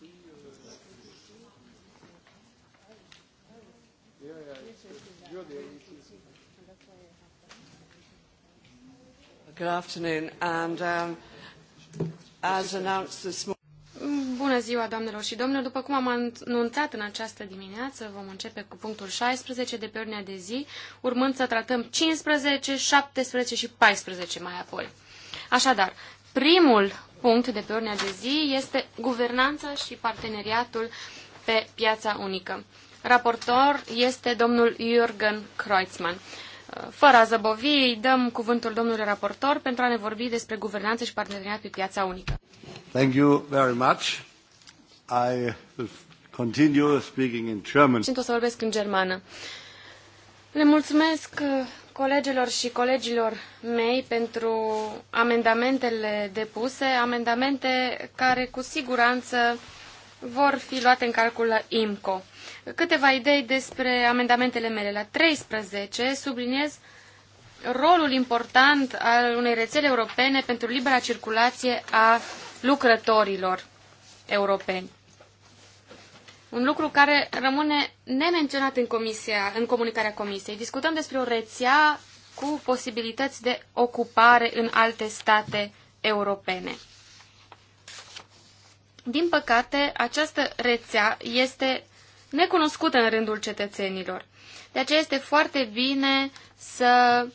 good. Good afternoon, and um, as announced this morning. Bună ziua, doamnelor și domnilor! După cum am anunțat în această dimineață, vom începe cu punctul 16 de pe ordinea de zi, urmând să tratăm 15, 17 și 14 mai apoi. Așadar, Primul punct de pe ordinea de zi este guvernanța și parteneriatul pe piața unică. Raportor este domnul Jürgen Kreutzmann. Fără a zăbovi, îi dăm cuvântul domnului raportor pentru a ne vorbi despre guvernanță și parteneriat pe piața unică. Thank you very much. I will continue speaking in German. Și o să vorbesc în germană. Le mulțumesc colegilor și colegilor mei pentru amendamentele depuse, amendamente care cu siguranță vor fi luate în calcul la IMCO. Câteva idei despre amendamentele mele. La 13 subliniez rolul important al unei rețele europene pentru libera circulație a lucrătorilor europeni. Un lucru care rămâne nemenționat în, comisia, în comunicarea comisiei. Discutăm despre o rețea cu posibilități de ocupare în alte state europene. Din păcate, această rețea este necunoscută în rândul cetățenilor. De aceea este foarte bine să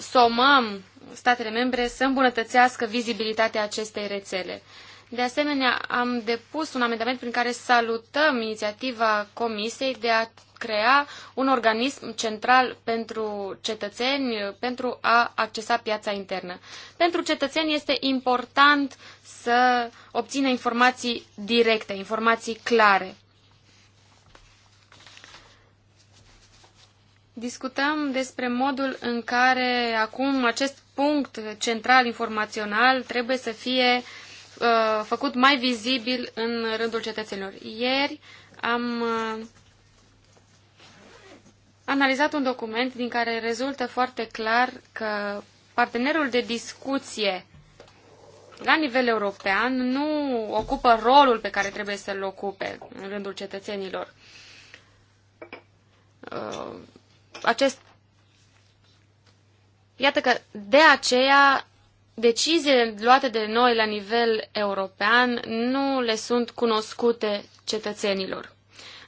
somăm statele membre să îmbunătățească vizibilitatea acestei rețele. De asemenea, am depus un amendament prin care salutăm inițiativa Comisiei de a crea un organism central pentru cetățeni pentru a accesa piața internă. Pentru cetățeni este important să obțină informații directe, informații clare. Discutăm despre modul în care acum acest punct central informațional trebuie să fie uh, Uh, făcut mai vizibil în rândul cetățenilor. Ieri am uh, analizat un document din care rezultă foarte clar că partenerul de discuție la nivel european nu ocupă rolul pe care trebuie să-l ocupe în rândul cetățenilor. Uh, acest Iată că de aceea deciziile luate de noi la nivel european nu le sunt cunoscute cetățenilor.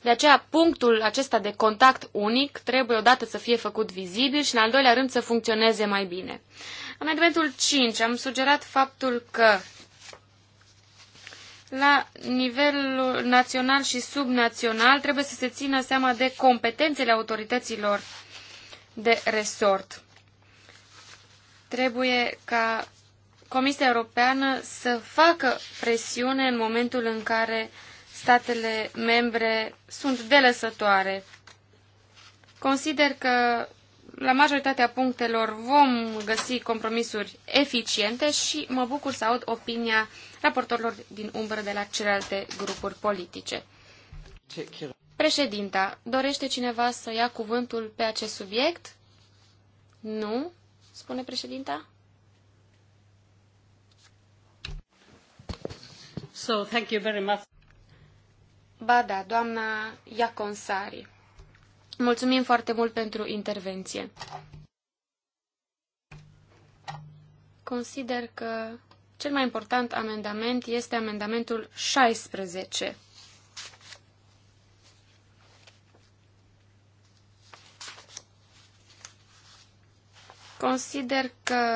De aceea, punctul acesta de contact unic trebuie odată să fie făcut vizibil și, în al doilea rând, să funcționeze mai bine. Amendamentul 5 am sugerat faptul că la nivelul național și subnațional trebuie să se țină seama de competențele autorităților de resort. Trebuie ca Comisia Europeană să facă presiune în momentul în care statele membre sunt delăsătoare. Consider că la majoritatea punctelor vom găsi compromisuri eficiente și mă bucur să aud opinia raportorilor din umbră de la celelalte grupuri politice. Președinta, dorește cineva să ia cuvântul pe acest subiect? Nu, spune președinta. So, thank you very much. Ba da, doamna Iaconsari. Mulțumim foarte mult pentru intervenție. Consider că cel mai important amendament este amendamentul 16. Consider că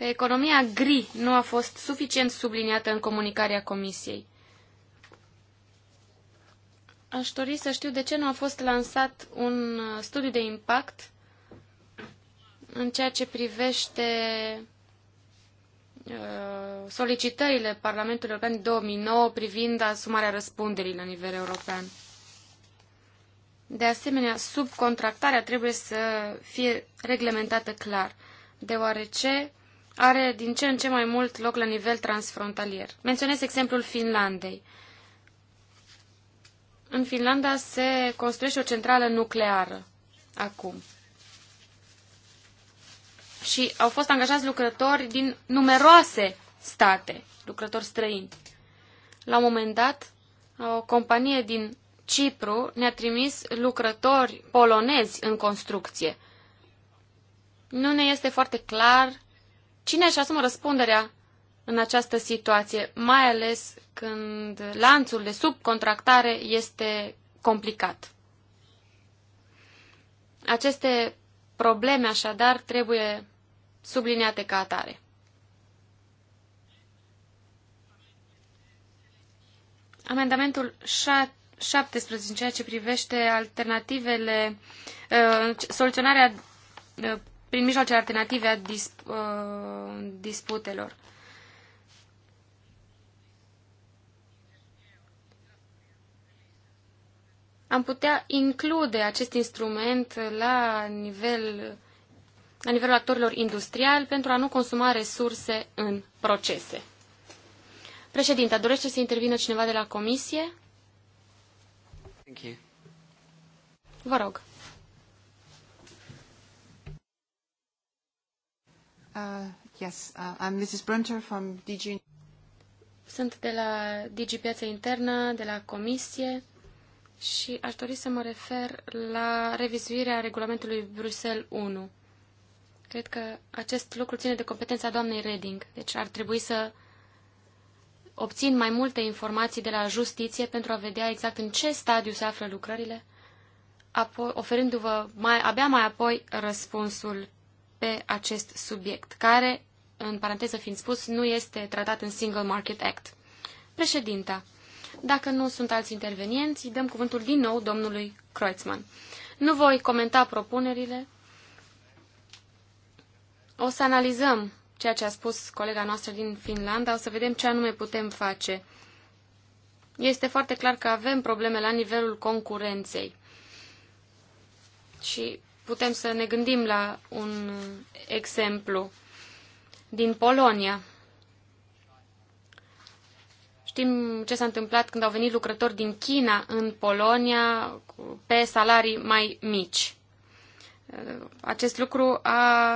că economia gri nu a fost suficient subliniată în comunicarea Comisiei. Aș dori să știu de ce nu a fost lansat un uh, studiu de impact în ceea ce privește uh, solicitările Parlamentului European 2009 privind asumarea răspunderii la nivel european. De asemenea, subcontractarea trebuie să fie reglementată clar, deoarece are din ce în ce mai mult loc la nivel transfrontalier. Menționez exemplul Finlandei. În Finlanda se construiește o centrală nucleară acum. Și au fost angajați lucrători din numeroase state, lucrători străini. La un moment dat, o companie din Cipru ne-a trimis lucrători polonezi în construcție. Nu ne este foarte clar Cine își asumă răspunderea în această situație, mai ales când lanțul de subcontractare este complicat? Aceste probleme, așadar, trebuie subliniate ca atare. Amendamentul 17, în ceea ce privește alternativele, uh, soluționarea uh, prin mijloace alternative a disp, uh, disputelor. Am putea include acest instrument la, nivel, la nivelul actorilor industriali pentru a nu consuma resurse în procese. Președinte, dorește să intervină cineva de la comisie? Thank you. Vă rog. Uh, yes, uh, I'm Mrs. Brunter from DG. Sunt de la DG Piața Internă, de la Comisie și aș dori să mă refer la revizuirea regulamentului Bruxelles 1. Cred că acest lucru ține de competența doamnei Reding, deci ar trebui să obțin mai multe informații de la justiție pentru a vedea exact în ce stadiu se află lucrările, oferindu-vă mai, abia mai apoi răspunsul pe acest subiect, care, în paranteză fiind spus, nu este tratat în Single Market Act. Președinta, dacă nu sunt alți intervenienți, dăm cuvântul din nou domnului Kreutzmann. Nu voi comenta propunerile. O să analizăm ceea ce a spus colega noastră din Finlanda, o să vedem ce anume putem face. Este foarte clar că avem probleme la nivelul concurenței. Și putem să ne gândim la un exemplu din Polonia. Știm ce s-a întâmplat când au venit lucrători din China în Polonia pe salarii mai mici. Acest lucru a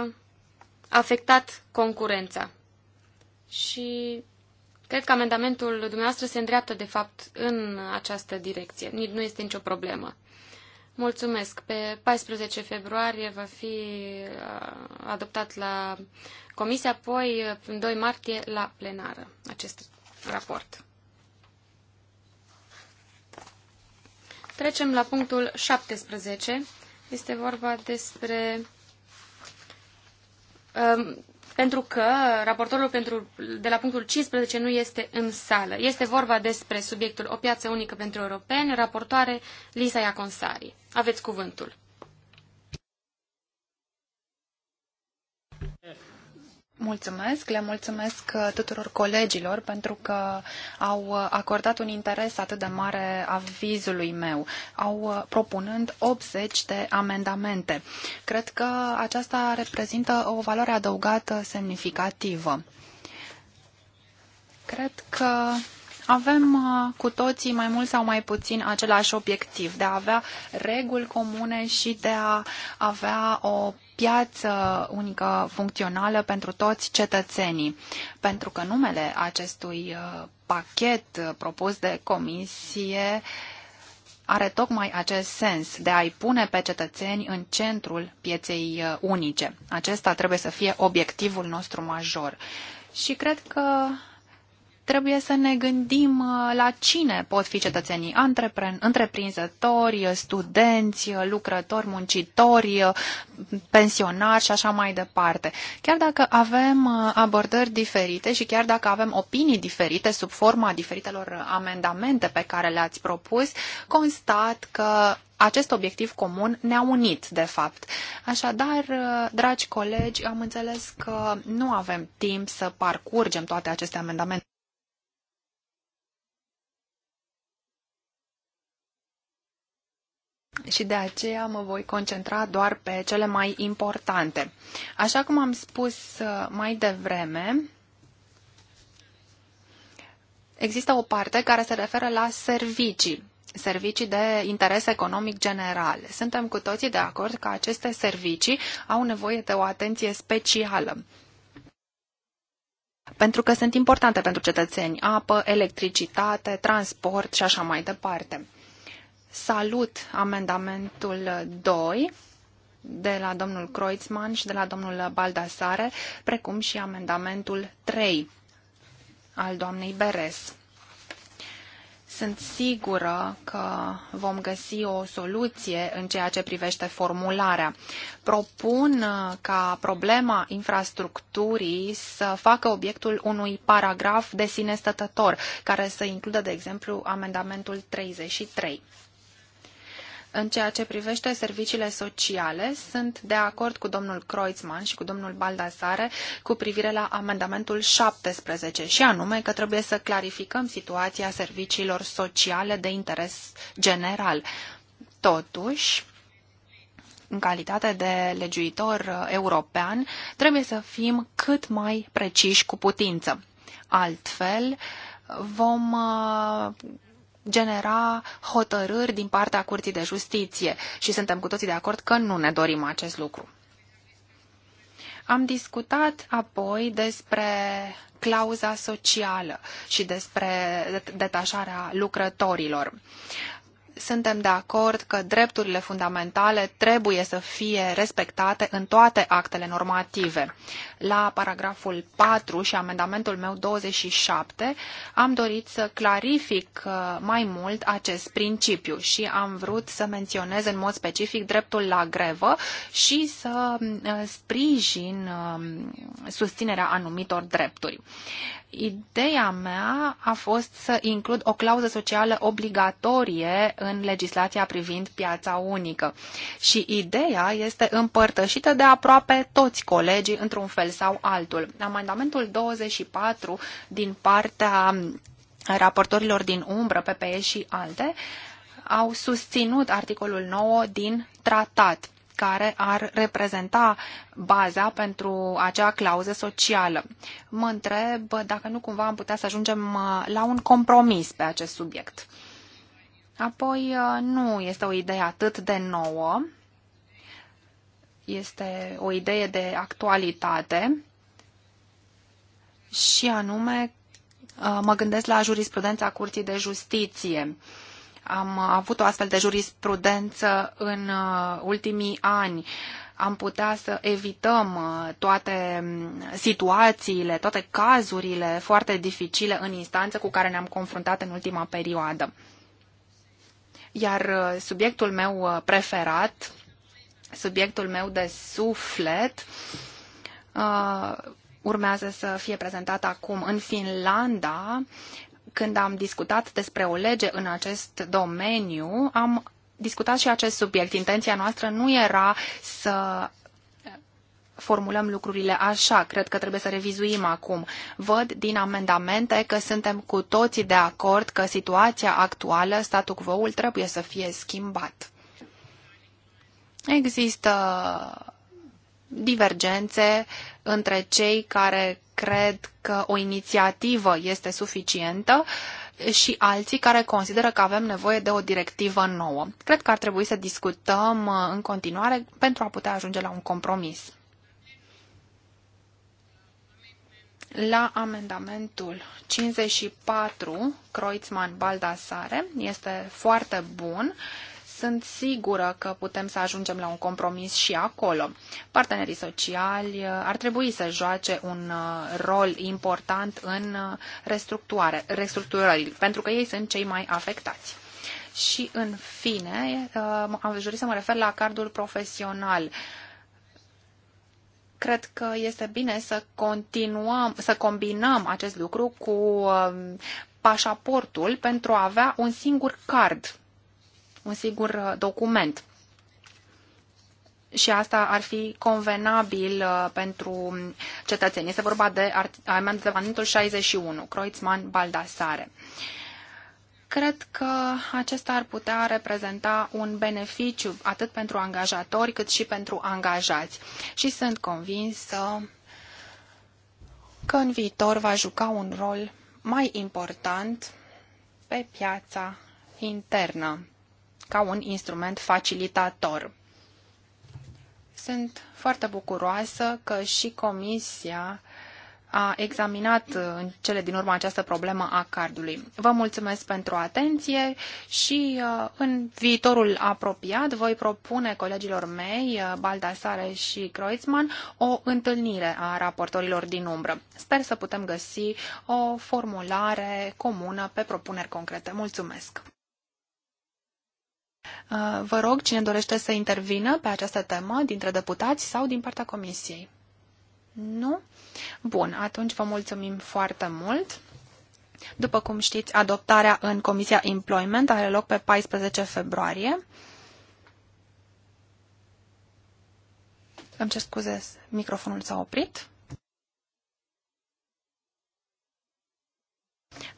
afectat concurența. Și cred că amendamentul dumneavoastră se îndreaptă, de fapt, în această direcție. Nu este nicio problemă. Mulțumesc. Pe 14 februarie va fi uh, adoptat la Comisia, apoi în 2 martie la plenară acest raport. Trecem la punctul 17. Este vorba despre um, pentru că raportorul pentru, de la punctul 15 nu este în sală. Este vorba despre subiectul O piață unică pentru europeni, raportoare Lisa Iaconsari. Aveți cuvântul. Mulțumesc, le mulțumesc uh, tuturor colegilor pentru că au uh, acordat un interes atât de mare avizului meu, au uh, propunând 80 de amendamente. Cred că aceasta reprezintă o valoare adăugată semnificativă. Cred că avem cu toții mai mult sau mai puțin același obiectiv, de a avea reguli comune și de a avea o piață unică funcțională pentru toți cetățenii, pentru că numele acestui uh, pachet uh, propus de comisie are tocmai acest sens de a-i pune pe cetățeni în centrul pieței uh, unice. Acesta trebuie să fie obiectivul nostru major. Și cred că trebuie să ne gândim uh, la cine pot fi cetățenii întreprinzători, studenți, uh, lucrători, muncitori, uh, pensionari și așa mai departe. Chiar dacă avem abordări diferite și chiar dacă avem opinii diferite sub forma diferitelor amendamente pe care le-ați propus, constat că acest obiectiv comun ne-a unit, de fapt. Așadar, dragi colegi, am înțeles că nu avem timp să parcurgem toate aceste amendamente. și de aceea mă voi concentra doar pe cele mai importante. Așa cum am spus uh, mai devreme, există o parte care se referă la servicii servicii de interes economic general. Suntem cu toții de acord că aceste servicii au nevoie de o atenție specială. Pentru că sunt importante pentru cetățeni apă, electricitate, transport și așa mai departe. Salut amendamentul 2 de la domnul Kreutzmann și de la domnul Baldasare, precum și amendamentul 3 al doamnei Beres. Sunt sigură că vom găsi o soluție în ceea ce privește formularea. Propun uh, ca problema infrastructurii să facă obiectul unui paragraf de sine stătător, care să includă, de exemplu, amendamentul 33. În ceea ce privește serviciile sociale, sunt de acord cu domnul Kreutzmann și cu domnul Baldasare cu privire la amendamentul 17 și anume că trebuie să clarificăm situația serviciilor sociale de interes general. Totuși, în calitate de legiuitor uh, european, trebuie să fim cât mai preciși cu putință. Altfel, vom uh, genera hotărâri din partea Curții de Justiție și suntem cu toții de acord că nu ne dorim acest lucru. Am discutat apoi despre clauza socială și despre detașarea lucrătorilor suntem de acord că drepturile fundamentale trebuie să fie respectate în toate actele normative. La paragraful 4 și amendamentul meu 27 am dorit să clarific uh, mai mult acest principiu și am vrut să menționez în mod specific dreptul la grevă și să uh, sprijin um, susținerea anumitor drepturi. Ideea mea a fost să includ o clauză socială obligatorie în legislația privind piața unică. Și ideea este împărtășită de aproape toți colegii într-un fel sau altul. Amendamentul 24 din partea raportorilor din umbră, PPE și alte, au susținut articolul 9 din tratat care ar reprezenta baza pentru acea clauză socială. Mă întreb dacă nu cumva am putea să ajungem uh, la un compromis pe acest subiect. Apoi, uh, nu este o idee atât de nouă, este o idee de actualitate și anume uh, mă gândesc la jurisprudența Curții de Justiție am avut o astfel de jurisprudență în uh, ultimii ani. Am putea să evităm uh, toate mm, situațiile, toate cazurile foarte dificile în instanță cu care ne-am confruntat în ultima perioadă. Iar uh, subiectul meu preferat, subiectul meu de suflet, urmează să fie prezentat acum. În Finlanda când am discutat despre o lege în acest domeniu, am discutat și acest subiect. Intenția noastră nu era să formulăm lucrurile așa. Cred că trebuie să revizuim acum. Văd din amendamente că suntem cu toții de acord că situația actuală, statul quo-ul, trebuie să fie schimbat. Există divergențe între cei care cred că o inițiativă este suficientă și alții care consideră că avem nevoie de o directivă nouă. Cred că ar trebui să discutăm uh, în continuare pentru a putea ajunge la un compromis. La amendamentul 54, Kreutzmann-Baldassare este foarte bun sunt sigură că putem să ajungem la un compromis și acolo. Partenerii sociali uh, ar trebui să joace un uh, rol important în uh, restructurări, pentru că ei sunt cei mai afectați. Și, în fine, am dori să mă refer la cardul profesional cred că este bine să continuăm, să combinăm acest lucru cu pașaportul pentru a avea un singur card un singur uh, document. Și asta ar fi convenabil uh, pentru cetățeni. Este vorba de amendamentul 61, Kreutzmann Baldassare. Cred că acesta ar putea reprezenta un beneficiu atât pentru angajatori cât și pentru angajați. Și sunt convinsă că în viitor va juca un rol mai important pe piața internă ca un instrument facilitator. Sunt foarte bucuroasă că și Comisia a examinat în cele din urmă această problemă a cardului. Vă mulțumesc pentru atenție și uh, în viitorul apropiat voi propune colegilor mei, uh, Baldasare și Kreuzmann o întâlnire a raportorilor din umbră. Sper să putem găsi o formulare comună pe propuneri concrete. Mulțumesc! Uh, vă rog, cine dorește să intervină pe această temă, dintre deputați sau din partea comisiei? Nu? Bun, atunci vă mulțumim foarte mult. După cum știți, adoptarea în Comisia Employment are loc pe 14 februarie. Îmi cer scuze, microfonul s-a oprit.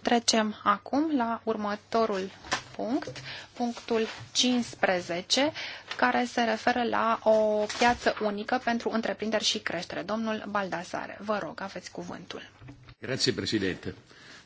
Trecem acum la următorul punct, punctul 15, care se referă la o piață unică pentru întreprinderi și creștere. Domnul Baldasare, vă rog, aveți cuvântul. Grazie, președinte.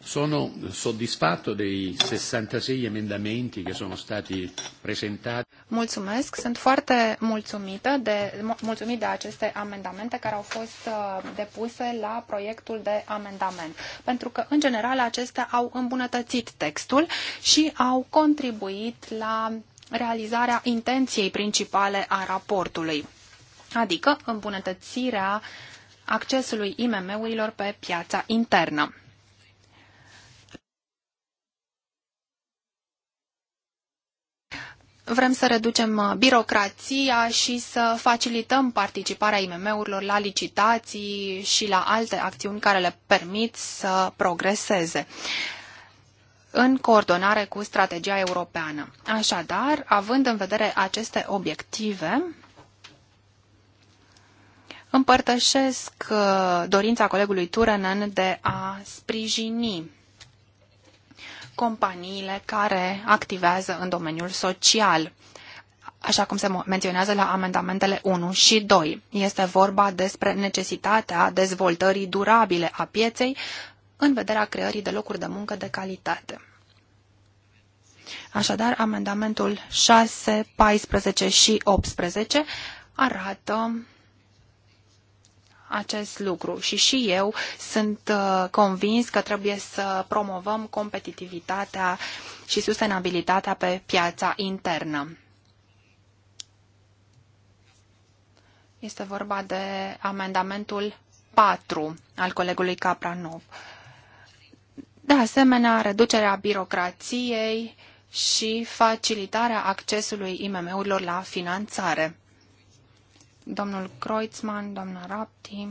Sono soddisfatto dei 66 emendamenti che sono stati presentati. Mulțumesc, sunt foarte mulțumită de, mulțumit de aceste amendamente care au fost uh, depuse la proiectul de amendament, pentru că, în general, acestea au îmbunătățit textul și au contribuit la realizarea intenției principale a raportului, adică îmbunătățirea accesului IMM-urilor pe piața internă. Vrem să reducem uh, birocrația și să facilităm participarea IMM-urilor la licitații și la alte acțiuni care le permit să progreseze în coordonare cu strategia europeană. Așadar, având în vedere aceste obiective, împărtășesc uh, dorința colegului Turenen de a sprijini companiile care activează în domeniul social, așa cum se menționează la amendamentele 1 și 2. Este vorba despre necesitatea dezvoltării durabile a pieței în vederea creării de locuri de muncă de calitate. Așadar, amendamentul 6, 14 și 18 arată acest lucru și și eu sunt uh, convins că trebuie să promovăm competitivitatea și sustenabilitatea pe piața internă. Este vorba de amendamentul 4 al colegului Capranov. De asemenea, reducerea birocrației și facilitarea accesului IMM-urilor la finanțare domnul Kreutzmann, doamna Rapti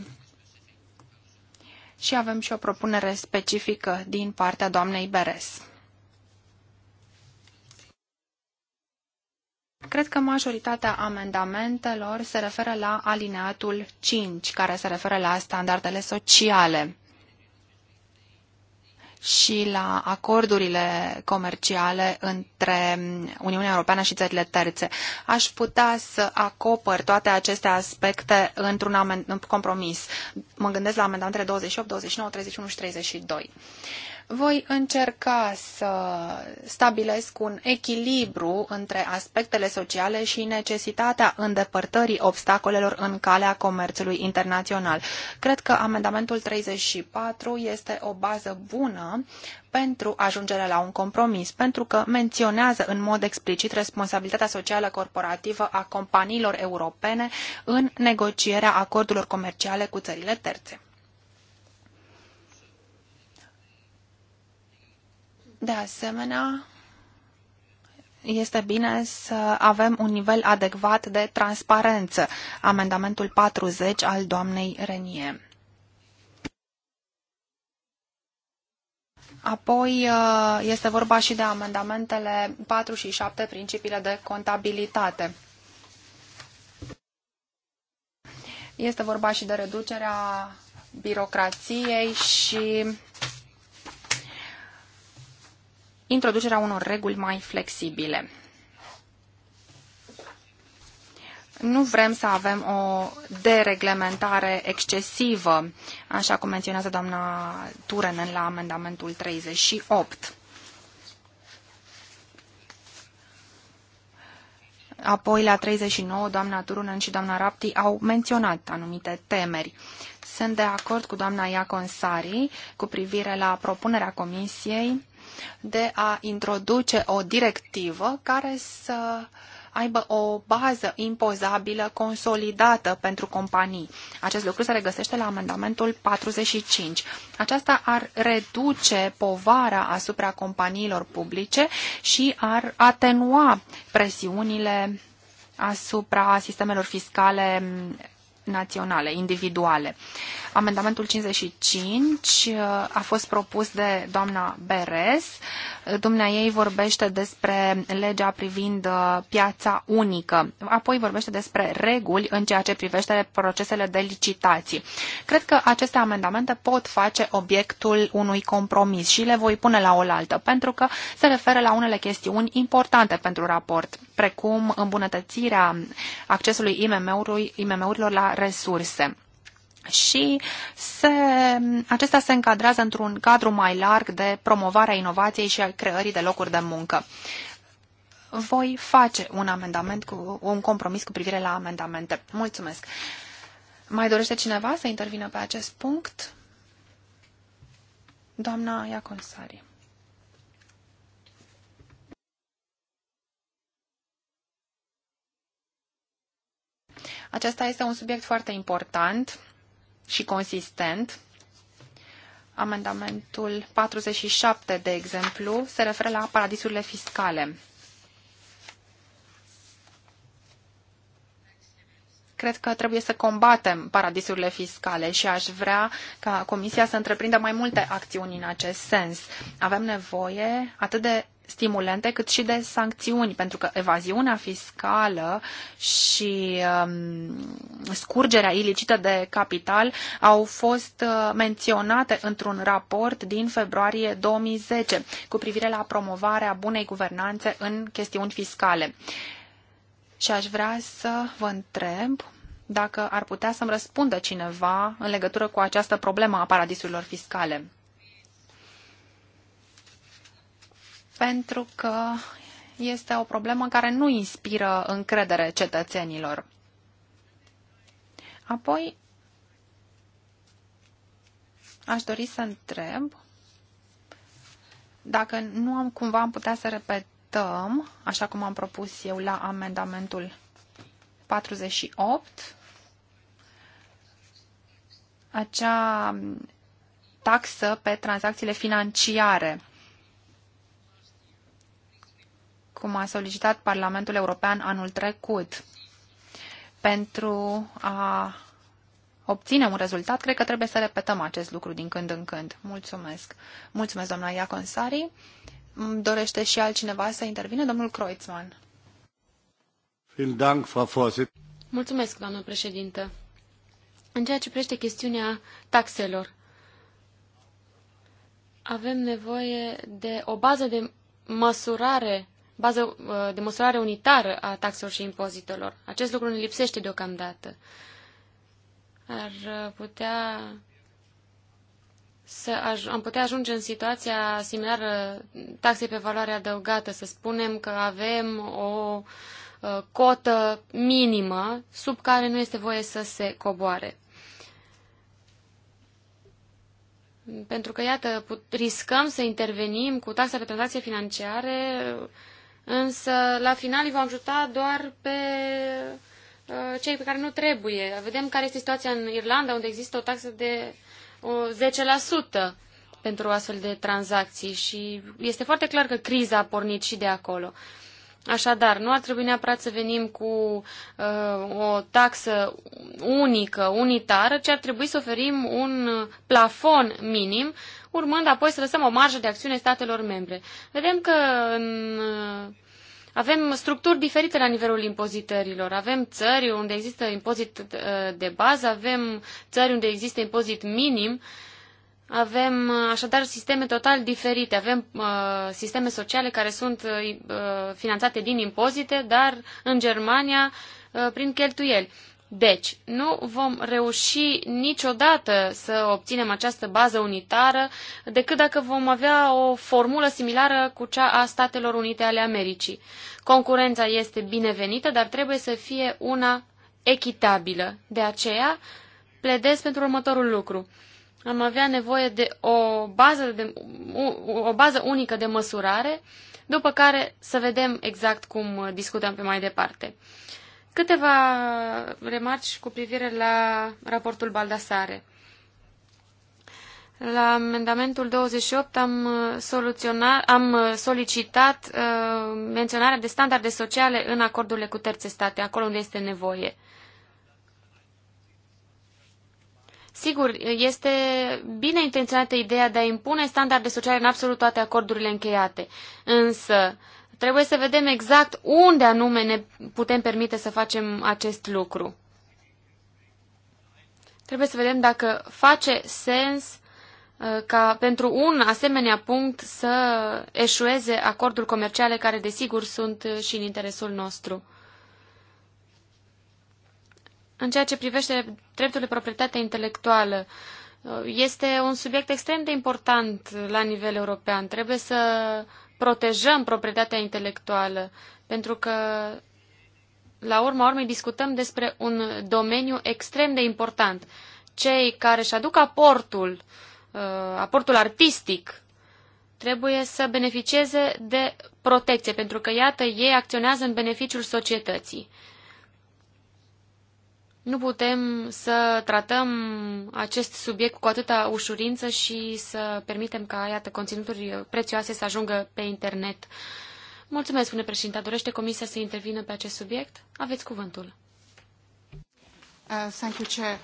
și avem și o propunere specifică din partea doamnei Beres. Cred că majoritatea amendamentelor se referă la alineatul 5, care se referă la standardele sociale și la acordurile comerciale între Uniunea Europeană și țările terțe. Aș putea să acopăr toate aceste aspecte într-un compromis. Mă gândesc la amendamentele 28, 29, 31 și 32. Voi încerca să stabilesc un echilibru între aspectele sociale și necesitatea îndepărtării obstacolelor în calea comerțului internațional. Cred că amendamentul 34 este o bază bună pentru ajungerea la un compromis, pentru că menționează în mod explicit responsabilitatea socială corporativă a companiilor europene în negocierea acordurilor comerciale cu țările terțe. De asemenea, este bine să avem un nivel adecvat de transparență. Amendamentul 40 al doamnei Renie. Apoi uh, este vorba și de amendamentele 4 și 7, principiile de contabilitate. Este vorba și de reducerea birocrației și introducerea unor reguli mai flexibile. Nu vrem să avem o dereglementare excesivă, așa cum menționează doamna Turenen la amendamentul 38. Apoi, la 39, doamna Turunen și doamna Rapti au menționat anumite temeri. Sunt de acord cu doamna Iaconsari cu privire la propunerea Comisiei de a introduce o directivă care să aibă o bază impozabilă consolidată pentru companii. Acest lucru se regăsește la amendamentul 45. Aceasta ar reduce povara asupra companiilor publice și ar atenua presiunile asupra sistemelor fiscale naționale, individuale. Amendamentul 55 uh, a fost propus de doamna Beres. Dumnea ei vorbește despre legea privind uh, piața unică. Apoi vorbește despre reguli în ceea ce privește procesele de licitații. Cred că aceste amendamente pot face obiectul unui compromis și le voi pune la oaltă, pentru că se referă la unele chestiuni importante pentru raport precum îmbunătățirea accesului IMM-urilor la resurse și se, acesta se încadrează într-un cadru mai larg de promovarea inovației și a creării de locuri de muncă. Voi face un amendament cu un compromis cu privire la amendamente. Mulțumesc. Mai dorește cineva să intervină pe acest punct? Doamna Iaconsari. Acesta este un subiect foarte important și consistent. Amendamentul 47, de exemplu, se referă la paradisurile fiscale. cred că trebuie să combatem paradisurile fiscale și aș vrea ca Comisia să întreprindă mai multe acțiuni în acest sens. Avem nevoie atât de stimulente, cât și de sancțiuni, pentru că evaziunea fiscală și um, scurgerea ilicită de capital au fost uh, menționate într-un raport din februarie 2010 cu privire la promovarea bunei guvernanțe în chestiuni fiscale. Și aș vrea să vă întreb dacă ar putea să-mi răspundă cineva în legătură cu această problemă a paradisurilor fiscale. pentru că este o problemă care nu inspiră încredere cetățenilor. Apoi, aș dori să întreb dacă nu am cumva am putea să repetăm, așa cum am propus eu la amendamentul 48, acea taxă pe tranzacțiile financiare cum a solicitat Parlamentul European anul trecut. Pentru a obține un rezultat, cred că trebuie să repetăm acest lucru din când în când. Mulțumesc. Mulțumesc, doamna Iaconsari. Dorește și altcineva să intervine? Domnul Kreutzmann. Mulțumesc, doamnă președintă. În ceea ce privește chestiunea taxelor, avem nevoie de o bază de măsurare bază uh, de măsurare unitară a taxelor și impozitelor. Acest lucru ne lipsește deocamdată. Ar uh, putea să aj- am putea ajunge în situația similară taxei pe valoare adăugată, să spunem că avem o uh, cotă minimă sub care nu este voie să se coboare. Pentru că, iată, riscăm să intervenim cu taxa pe tranzacție financiare însă la final îi vom ajuta doar pe uh, cei pe care nu trebuie. Vedem care este situația în Irlanda, unde există o taxă de 10% pentru astfel de tranzacții și este foarte clar că criza a pornit și de acolo. Așadar, nu ar trebui neapărat să venim cu uh, o taxă unică, unitară, ci ar trebui să oferim un plafon minim urmând apoi să lăsăm o marjă de acțiune statelor membre. Vedem că în, uh, avem structuri diferite la nivelul impozitărilor. Avem țări unde există impozit uh, de bază, avem țări unde există impozit minim, avem uh, așadar sisteme total diferite. Avem uh, sisteme sociale care sunt uh, finanțate din impozite, dar în Germania uh, prin cheltuieli. Deci, nu vom reuși niciodată să obținem această bază unitară decât dacă vom avea o formulă similară cu cea a Statelor Unite ale Americii. Concurența este binevenită, dar trebuie să fie una echitabilă. De aceea, pledez pentru următorul lucru. Am avea nevoie de o bază, de, o bază unică de măsurare, după care să vedem exact cum discutăm pe mai departe. Câteva remarci cu privire la raportul Baldasare. La amendamentul 28 am, uh, soluționat, am uh, solicitat uh, menționarea de standarde sociale în acordurile cu terțe state, acolo unde este nevoie. Sigur, este bine intenționată ideea de a impune standarde sociale în absolut toate acordurile încheiate, însă uh, Trebuie să vedem exact unde anume ne putem permite să facem acest lucru. Trebuie să vedem dacă face sens uh, ca pentru un asemenea punct să eșueze acordul comerciale care desigur sunt uh, și în interesul nostru. În ceea ce privește dreptul de proprietate intelectuală, uh, este un subiect extrem de important la nivel european. Trebuie să protejăm proprietatea intelectuală, pentru că la urma urmei discutăm despre un domeniu extrem de important. Cei care își aduc aportul, uh, aportul artistic, trebuie să beneficieze de protecție, pentru că, iată, ei acționează în beneficiul societății. Nu putem să tratăm acest subiect cu atâta ușurință și să permitem ca, iată, conținuturi prețioase să ajungă pe internet. Mulțumesc, spune președinte. Dorește Comisia să intervină pe acest subiect? Aveți cuvântul. Uh, thank you, Chair.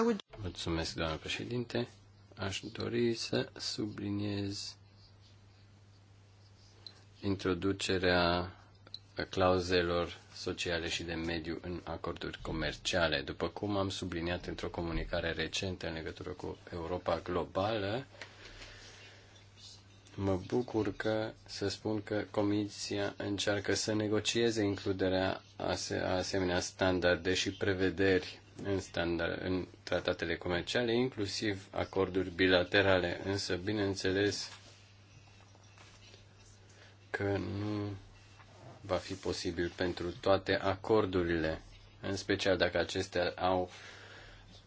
I would... Mulțumesc, doamnă președinte. Aș dori să subliniez introducerea clauzelor sociale și de mediu în acorduri comerciale. După cum am subliniat într-o comunicare recentă în legătură cu Europa globală, mă bucur că să spun că Comisia încearcă să negocieze includerea a asemenea standarde și prevederi în, standard, în tratatele comerciale, inclusiv acorduri bilaterale, însă bineînțeles că nu va fi posibil pentru toate acordurile, în special dacă acestea au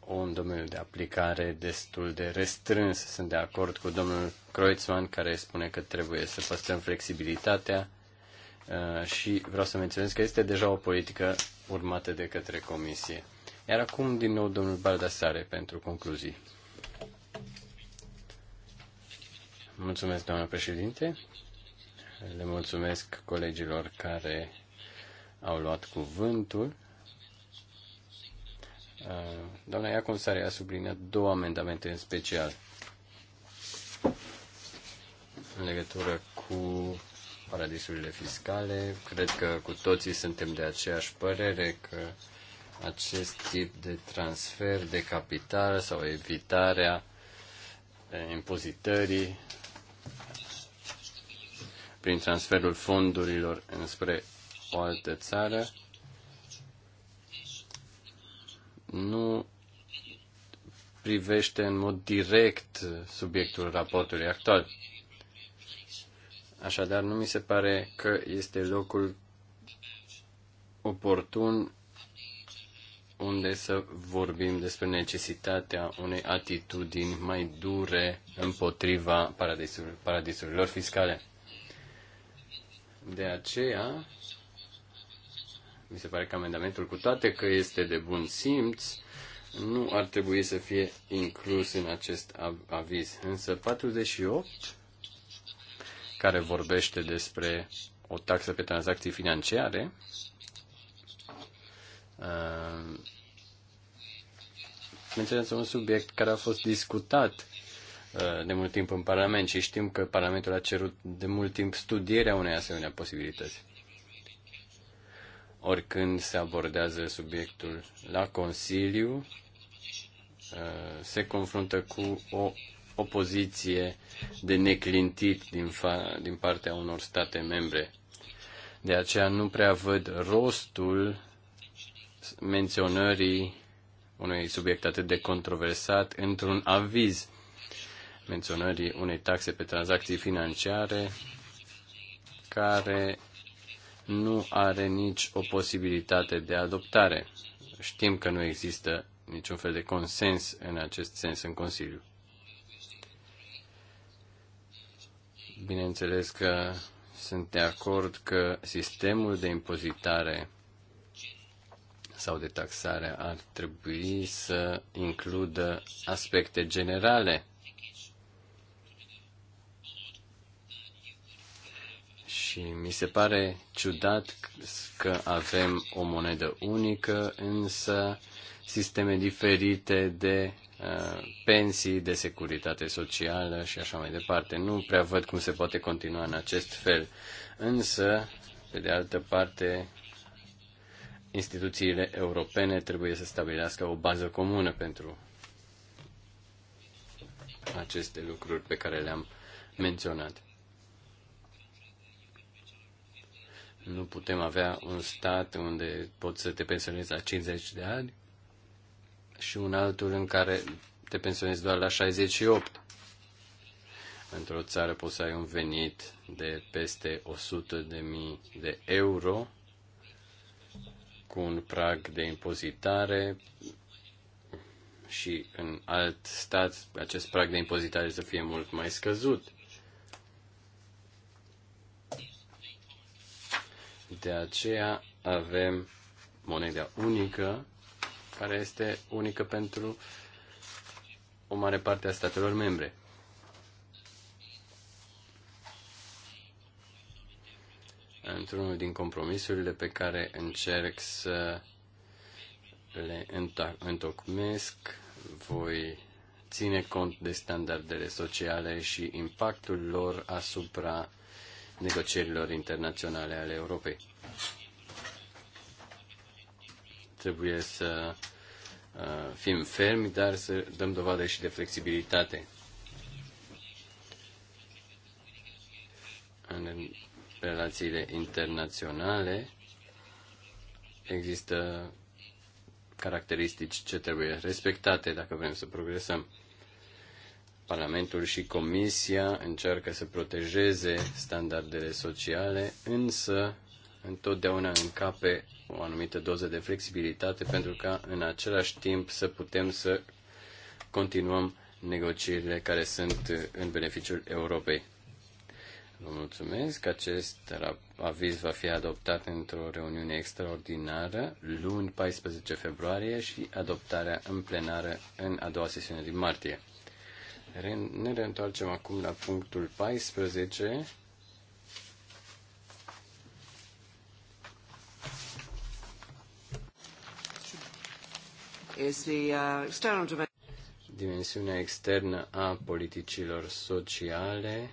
un domeniu de aplicare destul de restrâns. Sunt de acord cu domnul Kreutzmann care spune că trebuie să păstrăm flexibilitatea uh, și vreau să menționez că este deja o politică urmată de către Comisie. Iar acum, din nou, domnul Baldasare pentru concluzii. Mulțumesc, doamnă președinte. Le mulțumesc colegilor care au luat cuvântul. Uh, doamna Iaconsare a subliniat două amendamente în special în legătură cu paradisurile fiscale. Cred că cu toții suntem de aceeași părere că acest tip de transfer de capital sau evitarea eh, impozitării prin transferul fondurilor înspre o altă țară, nu privește în mod direct subiectul raportului actual. Așadar, nu mi se pare că este locul oportun unde să vorbim despre necesitatea unei atitudini mai dure împotriva paradisurilor fiscale. De aceea, mi se pare că amendamentul, cu toate că este de bun simț, nu ar trebui să fie inclus în acest aviz. Însă 48, care vorbește despre o taxă pe tranzacții financiare, uh, menționează un subiect care a fost discutat Uh, de mult timp în Parlament și știm că Parlamentul a cerut de mult timp studierea unei asemenea posibilități. Oricând se abordează subiectul la Consiliu, uh, se confruntă cu o opoziție de neclintit din, fa- din partea unor state membre. De aceea nu prea văd rostul menționării unui subiect atât de controversat într-un aviz menționării unei taxe pe tranzacții financiare care nu are nici o posibilitate de adoptare. Știm că nu există niciun fel de consens în acest sens în Consiliu. Bineînțeles că sunt de acord că sistemul de impozitare sau de taxare ar trebui să includă aspecte generale Și mi se pare ciudat că avem o monedă unică, însă sisteme diferite de uh, pensii, de securitate socială și așa mai departe. Nu prea văd cum se poate continua în acest fel. Însă, pe de altă parte, instituțiile europene trebuie să stabilească o bază comună pentru aceste lucruri pe care le-am menționat. Nu putem avea un stat unde poți să te pensionezi la 50 de ani și un altul în care te pensionezi doar la 68. Într-o țară poți să ai un venit de peste 100.000 de euro cu un prag de impozitare și în alt stat acest prag de impozitare să fie mult mai scăzut. De aceea avem moneda unică, care este unică pentru o mare parte a statelor membre. Într-unul din compromisurile pe care încerc să le întocmesc, voi ține cont de standardele sociale și impactul lor asupra negocierilor internaționale ale Europei. Trebuie să uh, fim fermi, dar să dăm dovadă și de flexibilitate. În relațiile internaționale există caracteristici ce trebuie respectate dacă vrem să progresăm. Parlamentul și Comisia încearcă să protejeze standardele sociale, însă întotdeauna încape o anumită doză de flexibilitate pentru ca în același timp să putem să continuăm negocierile care sunt în beneficiul Europei. Vă mulțumesc. Acest aviz va fi adoptat într-o reuniune extraordinară luni 14 februarie și adoptarea în plenară în a doua sesiune din martie. Ne reîntoarcem acum la punctul 14. Uh, Dimensiunea externă a politicilor sociale,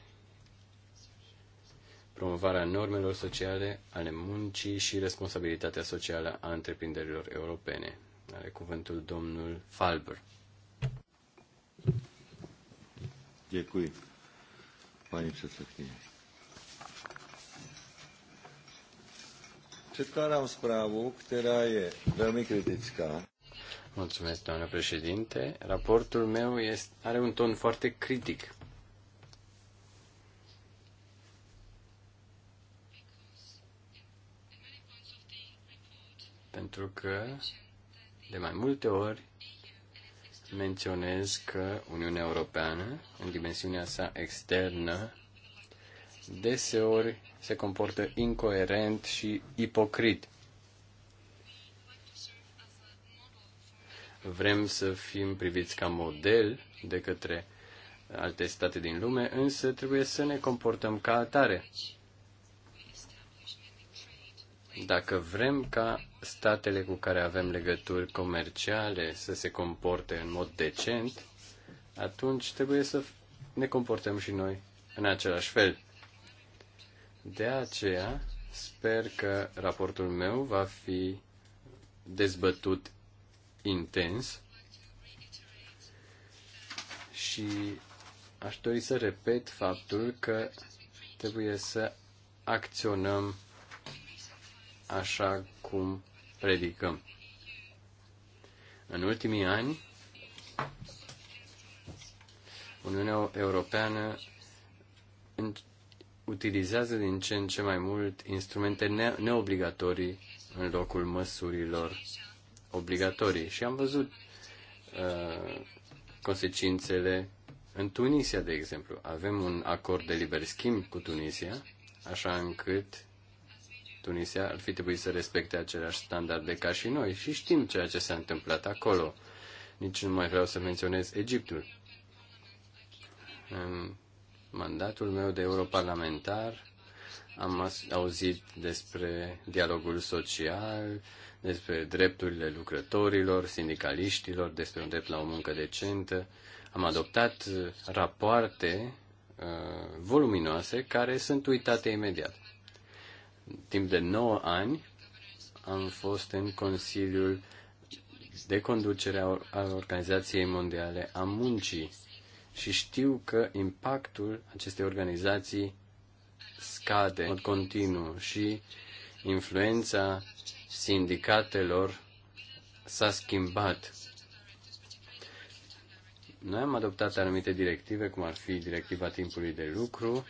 promovarea normelor sociale ale muncii și responsabilitatea socială a întreprinderilor europene. Are cuvântul domnul Falber. Děkuji, paní předsedkyně. Předkládám zprávu, která je velmi kritická. Mulțumesc, doamnă președinte. Raportul meu este, are un ton foarte critic. Pentru că, de mai multe ori, menționez că Uniunea Europeană, în dimensiunea sa externă, deseori se comportă incoerent și ipocrit. Vrem să fim priviți ca model de către alte state din lume, însă trebuie să ne comportăm ca atare. Dacă vrem ca statele cu care avem legături comerciale să se comporte în mod decent, atunci trebuie să ne comportăm și noi în același fel. De aceea, sper că raportul meu va fi dezbătut intens și aș dori să repet faptul că trebuie să acționăm așa cum predicăm. În ultimii ani, Uniunea Europeană utilizează din ce în ce mai mult instrumente ne- neobligatorii în locul măsurilor obligatorii. Și am văzut uh, consecințele în Tunisia, de exemplu. Avem un acord de liber schimb cu Tunisia, așa încât Tunisia ar fi trebuit să respecte aceleași standarde ca și noi și știm ceea ce s-a întâmplat acolo. Nici nu mai vreau să menționez Egiptul. În mandatul meu de europarlamentar am auzit despre dialogul social, despre drepturile lucrătorilor, sindicaliștilor, despre un drept la o muncă decentă. Am adoptat uh, rapoarte uh, voluminoase care sunt uitate imediat timp de 9 ani am fost în Consiliul de conducere al Organizației Mondiale a Muncii și știu că impactul acestei organizații scade în mod continuu și influența sindicatelor s-a schimbat. Noi am adoptat anumite directive, cum ar fi directiva timpului de lucru,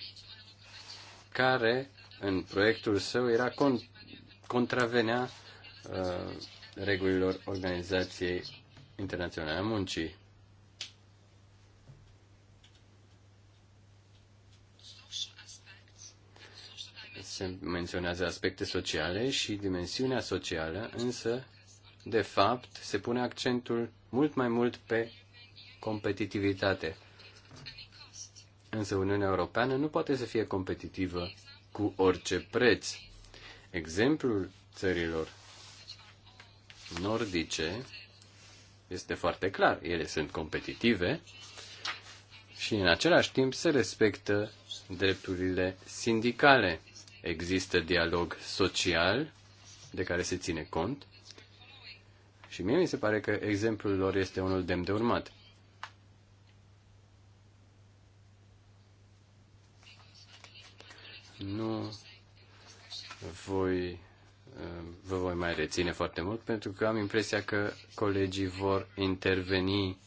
care în proiectul său era con- contravenea uh, regulilor Organizației Internaționale a Muncii. Se menționează aspecte sociale și dimensiunea socială, însă, de fapt, se pune accentul mult mai mult pe competitivitate. Însă Uniunea Europeană nu poate să fie competitivă cu orice preț. Exemplul țărilor nordice este foarte clar. Ele sunt competitive și în același timp se respectă drepturile sindicale. Există dialog social de care se ține cont și mie mi se pare că exemplul lor este unul demn de urmat. Nu voi, uh, vă voi mai reține foarte mult pentru că am impresia că colegii vor interveni.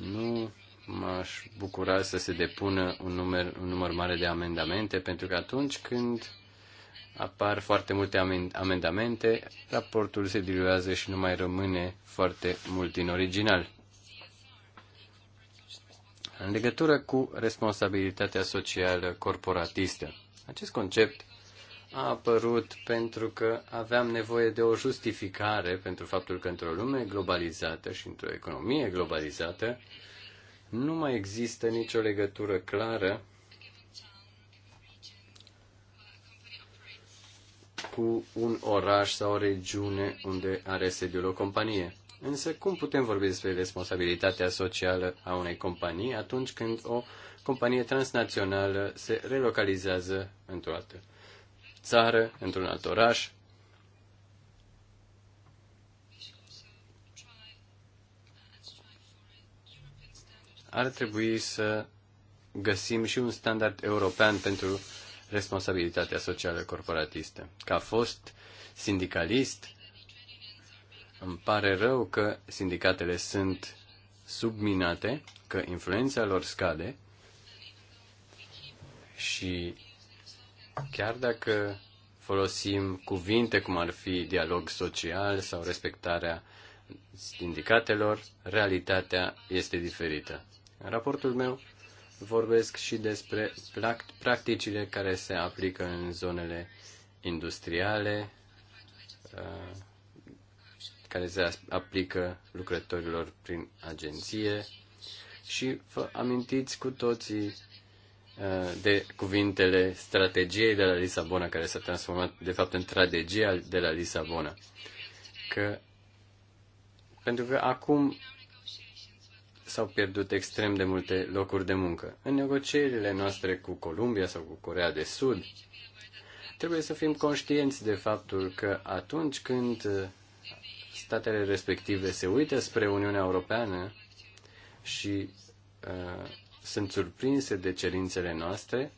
Nu m-aș bucura să se depună un număr, un număr mare de amendamente pentru că atunci când apar foarte multe amendamente, raportul se diluează și nu mai rămâne foarte mult din original în legătură cu responsabilitatea socială corporatistă. Acest concept a apărut pentru că aveam nevoie de o justificare pentru faptul că într-o lume globalizată și într-o economie globalizată nu mai există nicio legătură clară cu un oraș sau o regiune unde are sediul o companie. Însă cum putem vorbi despre responsabilitatea socială a unei companii atunci când o companie transnațională se relocalizează într-o altă țară, într-un alt oraș? Ar trebui să găsim și un standard european pentru responsabilitatea socială corporatistă. Ca fost sindicalist, îmi pare rău că sindicatele sunt subminate, că influența lor scade și chiar dacă folosim cuvinte cum ar fi dialog social sau respectarea sindicatelor, realitatea este diferită. În raportul meu vorbesc și despre practicile care se aplică în zonele industriale, uh, care se aplică lucrătorilor prin agenție și vă amintiți cu toții uh, de cuvintele strategiei de la Lisabona, care s-a transformat de fapt în strategia de la Lisabona. Că, pentru că acum s-au pierdut extrem de multe locuri de muncă. În negocierile noastre cu Columbia sau cu Corea de Sud, trebuie să fim conștienți de faptul că atunci când uh, statele respective se uită spre Uniunea Europeană și uh, sunt surprinse de cerințele noastre,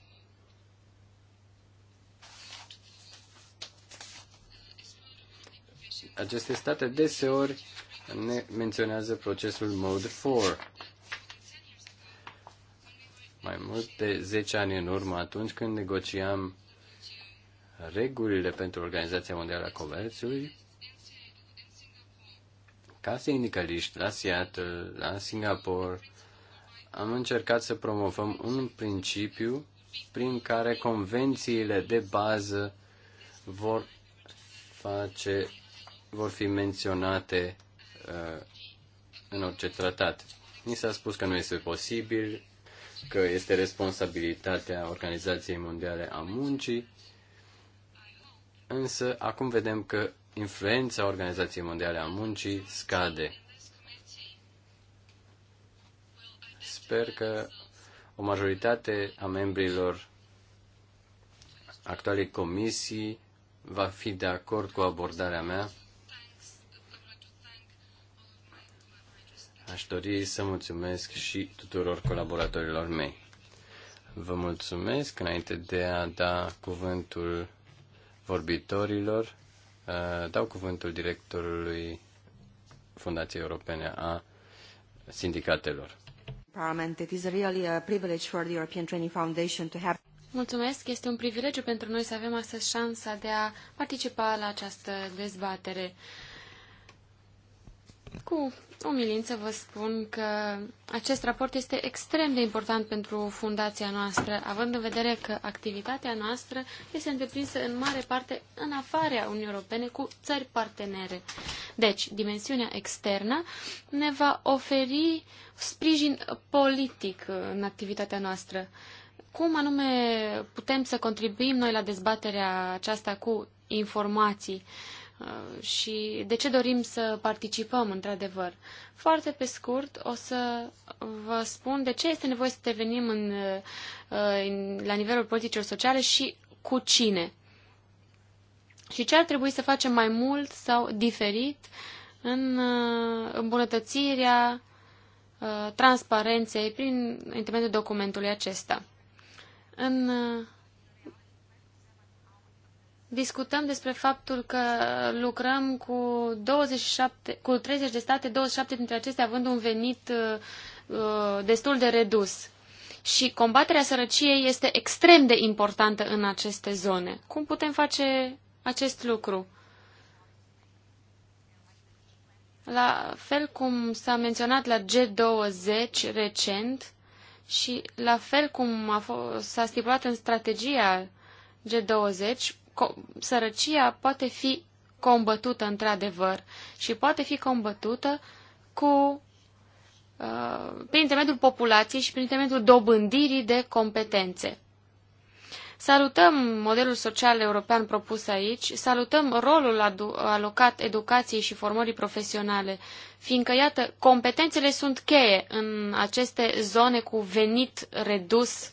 aceste state deseori ne menționează procesul Mode 4. Mai mult de 10 ani în urmă, atunci când negociam regulile pentru Organizația Mondială a Comerțului, ca sindicaliști la Seattle, la Singapore, am încercat să promovăm un principiu prin care convențiile de bază vor face, vor fi menționate uh, în orice tratat. Ni s-a spus că nu este posibil, că este responsabilitatea Organizației Mondiale a Muncii, însă acum vedem că influența Organizației Mondiale a Muncii scade. Sper că o majoritate a membrilor actualei comisii va fi de acord cu abordarea mea. Aș dori să mulțumesc și tuturor colaboratorilor mei. Vă mulțumesc înainte de a da cuvântul vorbitorilor. Uh, dau cuvântul directorului Fundației Europene a Sindicatelor. Mulțumesc! Este un privilegiu pentru noi să avem astăzi șansa de a participa la această dezbatere. Cu umilință vă spun că acest raport este extrem de important pentru fundația noastră, având în vedere că activitatea noastră este întreprinsă în mare parte în afara Uniunii Europene cu țări partenere. Deci, dimensiunea externă ne va oferi sprijin politic în activitatea noastră. Cum anume putem să contribuim noi la dezbaterea aceasta cu informații? Uh, Uh, și de ce dorim să participăm, într-adevăr. Foarte pe scurt, o să vă spun de ce este nevoie să devenim în, uh, în, la nivelul politicilor sociale și cu cine. Și ce ar trebui să facem mai mult sau diferit în uh, îmbunătățirea transparenței prin intermediul documentului acesta. În discutăm despre faptul că lucrăm cu, 27, cu 30 de state, 27 dintre acestea având un venit uh, uh, destul de redus. Și combaterea sărăciei este extrem de importantă în aceste zone. Cum putem face acest lucru? La fel cum s-a menționat la G20 recent și la fel cum s-a stipulat în strategia G20, sărăcia poate fi combătută într-adevăr și poate fi combătută cu, uh, prin intermediul populației și prin intermediul dobândirii de competențe. Salutăm modelul social european propus aici, salutăm rolul alocat educației și formării profesionale, fiindcă, iată, competențele sunt cheie în aceste zone cu venit redus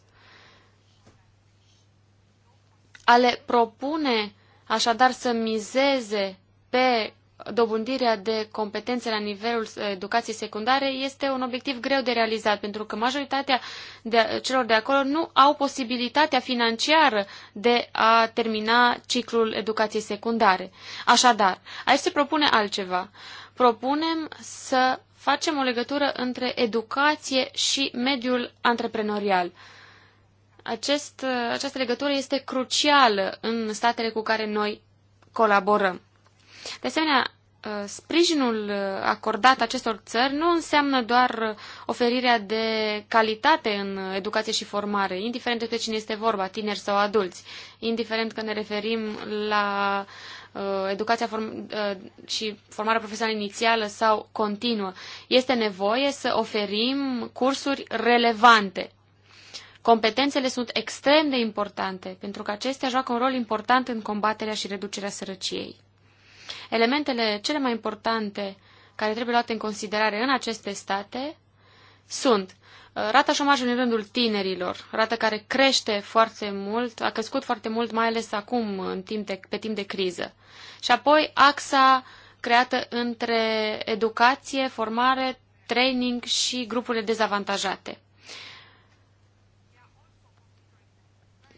a le propune așadar să mizeze pe dobândirea de competențe la nivelul eh, educației secundare este un obiectiv greu de realizat, pentru că majoritatea de, celor de acolo nu au posibilitatea financiară de a termina ciclul educației secundare. Așadar, aici se propune altceva. Propunem să facem o legătură între educație și mediul antreprenorial. Acest, această legătură este crucială în statele cu care noi colaborăm. De asemenea, uh, sprijinul uh, acordat acestor țări nu înseamnă doar oferirea de calitate în educație și formare, indiferent de cine este vorba, tineri sau adulți, indiferent că ne referim la uh, educația form- și formarea profesională inițială sau continuă. Este nevoie să oferim cursuri relevante. Competențele sunt extrem de importante, pentru că acestea joacă un rol important în combaterea și reducerea sărăciei. Elementele cele mai importante care trebuie luate în considerare în aceste state sunt uh, rata șomajului în rândul tinerilor, rata care crește foarte mult, a crescut foarte mult, mai ales acum, în timp de, pe timp de criză. Și apoi axa creată între educație, formare, training și grupurile dezavantajate.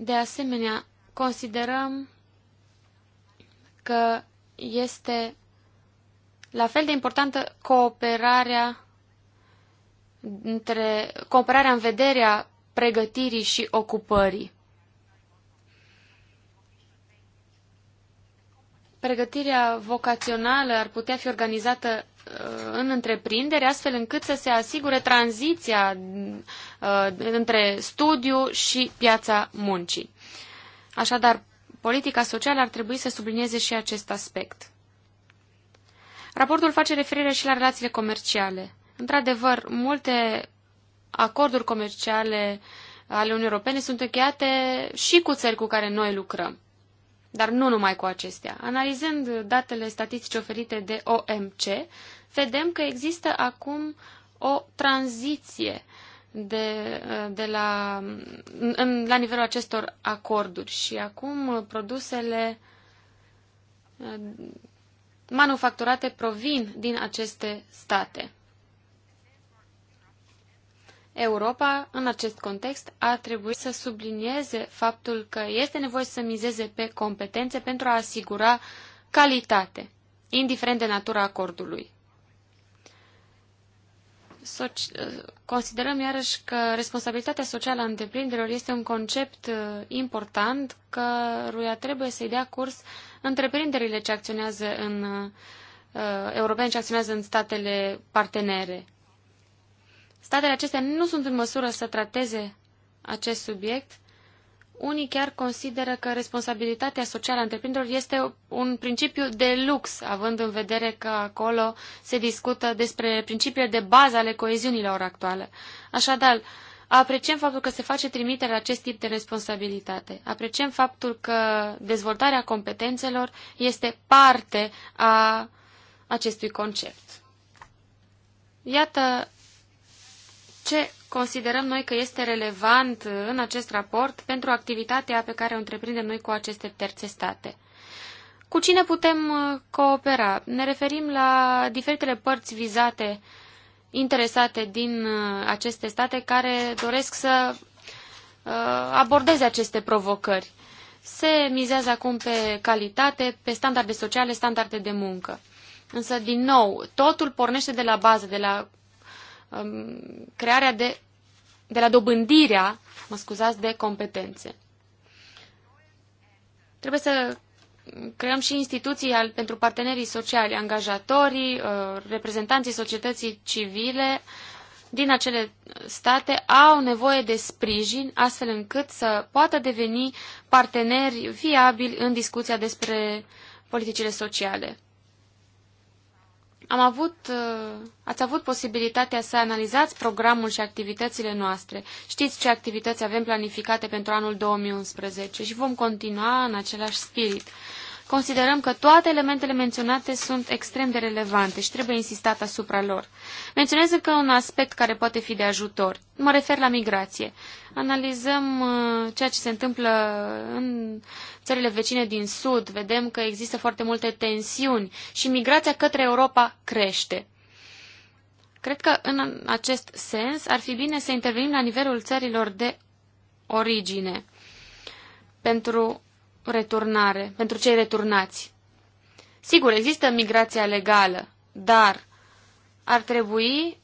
De asemenea, considerăm că este la fel de importantă cooperarea între cooperarea în vederea pregătirii și ocupării. Pregătirea vocațională ar putea fi organizată uh, în întreprindere, astfel încât să se asigure tranziția Uh, între studiu și piața muncii. Așadar, politica socială ar trebui să sublinieze și acest aspect. Raportul face referire și la relațiile comerciale. Într-adevăr, multe acorduri comerciale ale Uniunii Europene sunt încheiate și cu țări cu care noi lucrăm, dar nu numai cu acestea. Analizând datele statistice oferite de OMC, vedem că există acum o tranziție de, de la, în, la nivelul acestor acorduri. Și acum produsele uh, manufacturate provin din aceste state. Europa, în acest context, a trebuit să sublinieze faptul că este nevoie să mizeze pe competențe pentru a asigura calitate, indiferent de natura acordului considerăm iarăși că responsabilitatea socială a întreprinderilor este un concept uh, important căruia trebuie să-i dea curs întreprinderile ce acționează în uh, europene ce acționează în statele partenere. Statele acestea nu sunt în măsură să trateze acest subiect unii chiar consideră că responsabilitatea socială a întreprinderilor este un principiu de lux, având în vedere că acolo se discută despre principiile de bază ale coeziunii la ora actuală. Așadar, apreciem faptul că se face trimiterea la acest tip de responsabilitate. Apreciem faptul că dezvoltarea competențelor este parte a acestui concept. Iată ce considerăm noi că este relevant în acest raport pentru activitatea pe care o întreprindem noi cu aceste terțe state. Cu cine putem uh, coopera? Ne referim la diferitele părți vizate, interesate din uh, aceste state care doresc să uh, abordeze aceste provocări. Se mizează acum pe calitate, pe standarde sociale, standarde de muncă. Însă, din nou, totul pornește de la bază, de la um, crearea de, de la dobândirea, mă scuzați, de competențe. Trebuie să creăm și instituții al, pentru partenerii sociali, angajatorii, uh, reprezentanții societății civile din acele state au nevoie de sprijin astfel încât să poată deveni parteneri viabili în discuția despre politicile sociale. Am avut, uh, ați avut posibilitatea să analizați programul și activitățile noastre. Știți ce activități avem planificate pentru anul 2011 și vom continua în același spirit considerăm că toate elementele menționate sunt extrem de relevante și trebuie insistat asupra lor. Menționez încă un aspect care poate fi de ajutor. Mă refer la migrație. Analizăm uh, ceea ce se întâmplă în țările vecine din Sud, vedem că există foarte multe tensiuni și migrația către Europa crește. Cred că în acest sens ar fi bine să intervenim la nivelul țărilor de origine pentru returnare, pentru cei returnați. Sigur, există migrația legală, dar ar trebui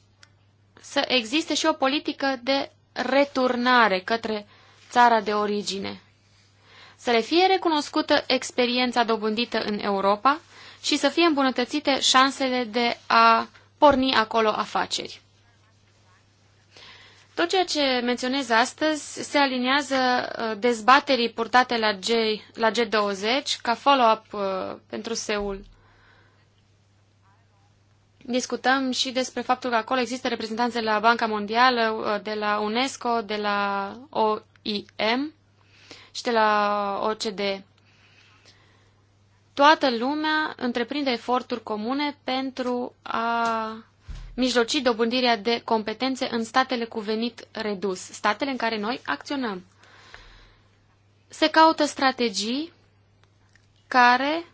să existe și o politică de returnare către țara de origine. Să le fie recunoscută experiența dobândită în Europa și să fie îmbunătățite șansele de a porni acolo afaceri. Tot ceea ce menționez astăzi se aliniază uh, dezbaterii purtate la, G, la G20 ca follow-up uh, pentru Seul. Discutăm și despre faptul că acolo există reprezentanțe la Banca Mondială, uh, de la UNESCO, de la OIM și de la OCDE. Toată lumea întreprinde eforturi comune pentru a mijloci dobândirea de competențe în statele cu venit redus, statele în care noi acționăm. Se caută strategii care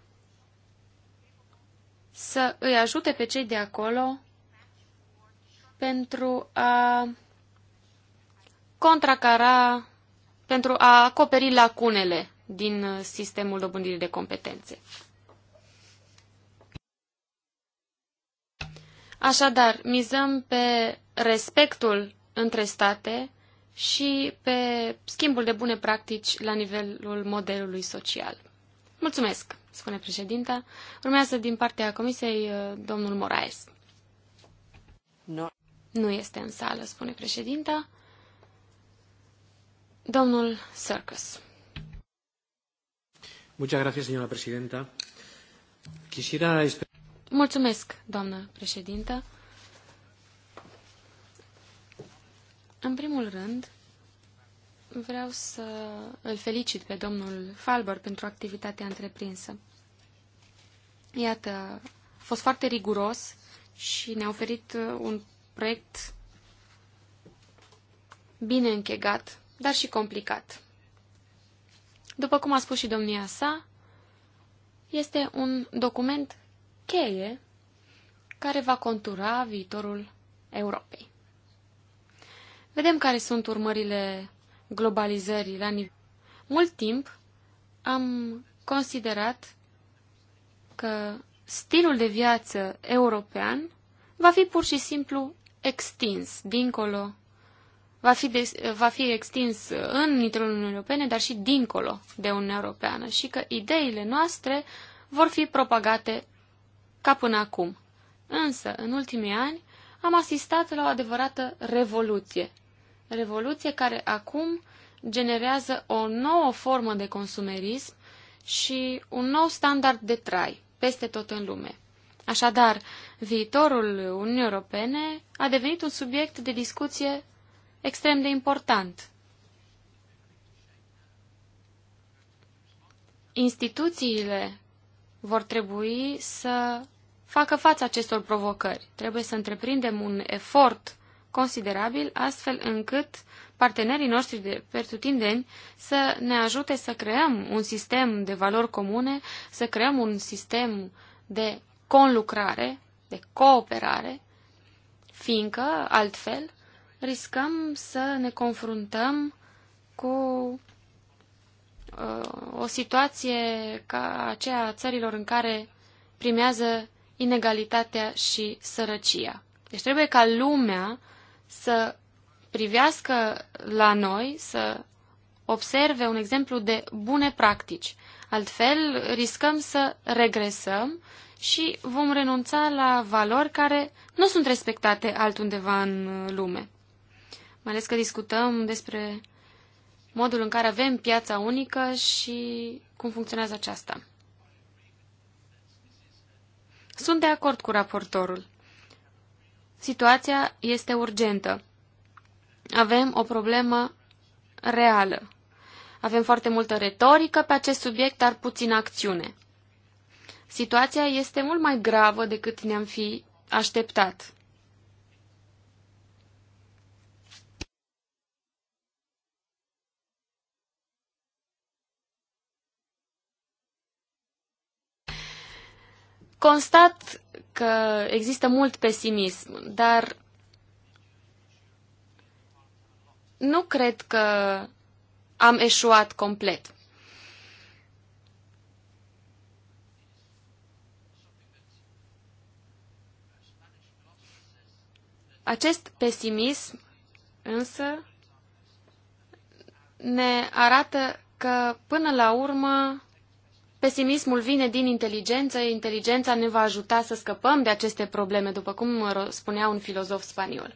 să îi ajute pe cei de acolo pentru a contracara, pentru a acoperi lacunele din sistemul dobândirii de competențe. Așadar, mizăm pe respectul între state și pe schimbul de bune practici la nivelul modelului social. Mulțumesc, spune președinta. Urmează din partea comisiei uh, domnul Moraes. No. Nu este în sală, spune președinta. Domnul Circus. Muchas gracias, señora presidenta. Quisiera... Mulțumesc, doamnă președintă. În primul rând, vreau să îl felicit pe domnul Falber pentru activitatea întreprinsă. Iată, a fost foarte riguros și ne-a oferit un proiect bine închegat, dar și complicat. După cum a spus și domnia sa, este un document cheie care va contura viitorul Europei. Vedem care sunt urmările globalizării la nivel. Mult timp am considerat că stilul de viață european va fi pur și simplu extins dincolo, va fi, de, va fi extins în interiorul Uniunii Europene, dar și dincolo de Uniunea Europeană și că ideile noastre vor fi propagate ca până acum. Însă, în ultimii ani, am asistat la o adevărată revoluție. Revoluție care acum generează o nouă formă de consumerism și un nou standard de trai peste tot în lume. Așadar, viitorul Uniunii Europene a devenit un subiect de discuție extrem de important. Instituțiile vor trebui să facă față acestor provocări. Trebuie să întreprindem un efort considerabil, astfel încât partenerii noștri de pertutindeni să ne ajute să creăm un sistem de valori comune, să creăm un sistem de conlucrare, de cooperare, fiindcă, altfel, riscăm să ne confruntăm cu uh, o situație ca aceea a țărilor în care primează inegalitatea și sărăcia. Deci trebuie ca lumea să privească la noi, să observe un exemplu de bune practici. Altfel, riscăm să regresăm și vom renunța la valori care nu sunt respectate altundeva în lume. Mai ales că discutăm despre modul în care avem piața unică și cum funcționează aceasta. Sunt de acord cu raportorul. Situația este urgentă. Avem o problemă reală. Avem foarte multă retorică pe acest subiect, dar puțin acțiune. Situația este mult mai gravă decât ne-am fi așteptat. Constat că există mult pesimism, dar nu cred că am eșuat complet. Acest pesimism însă ne arată că până la urmă Pesimismul vine din inteligență, inteligența ne va ajuta să scăpăm de aceste probleme, după cum spunea un filozof spaniol.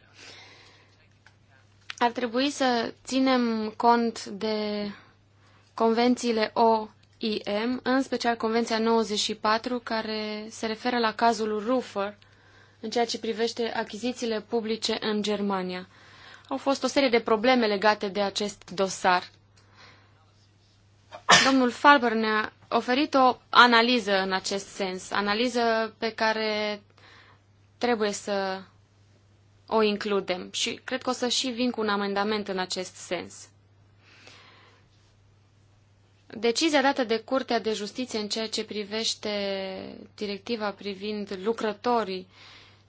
Ar trebui să ținem cont de convențiile OIM, în special Convenția 94, care se referă la cazul Rufer, în ceea ce privește achizițiile publice în Germania. Au fost o serie de probleme legate de acest dosar. Domnul Falber ne-a oferit o analiză în acest sens, analiză pe care trebuie să o includem și cred că o să și vin cu un amendament în acest sens. Decizia dată de Curtea de Justiție în ceea ce privește directiva privind lucrătorii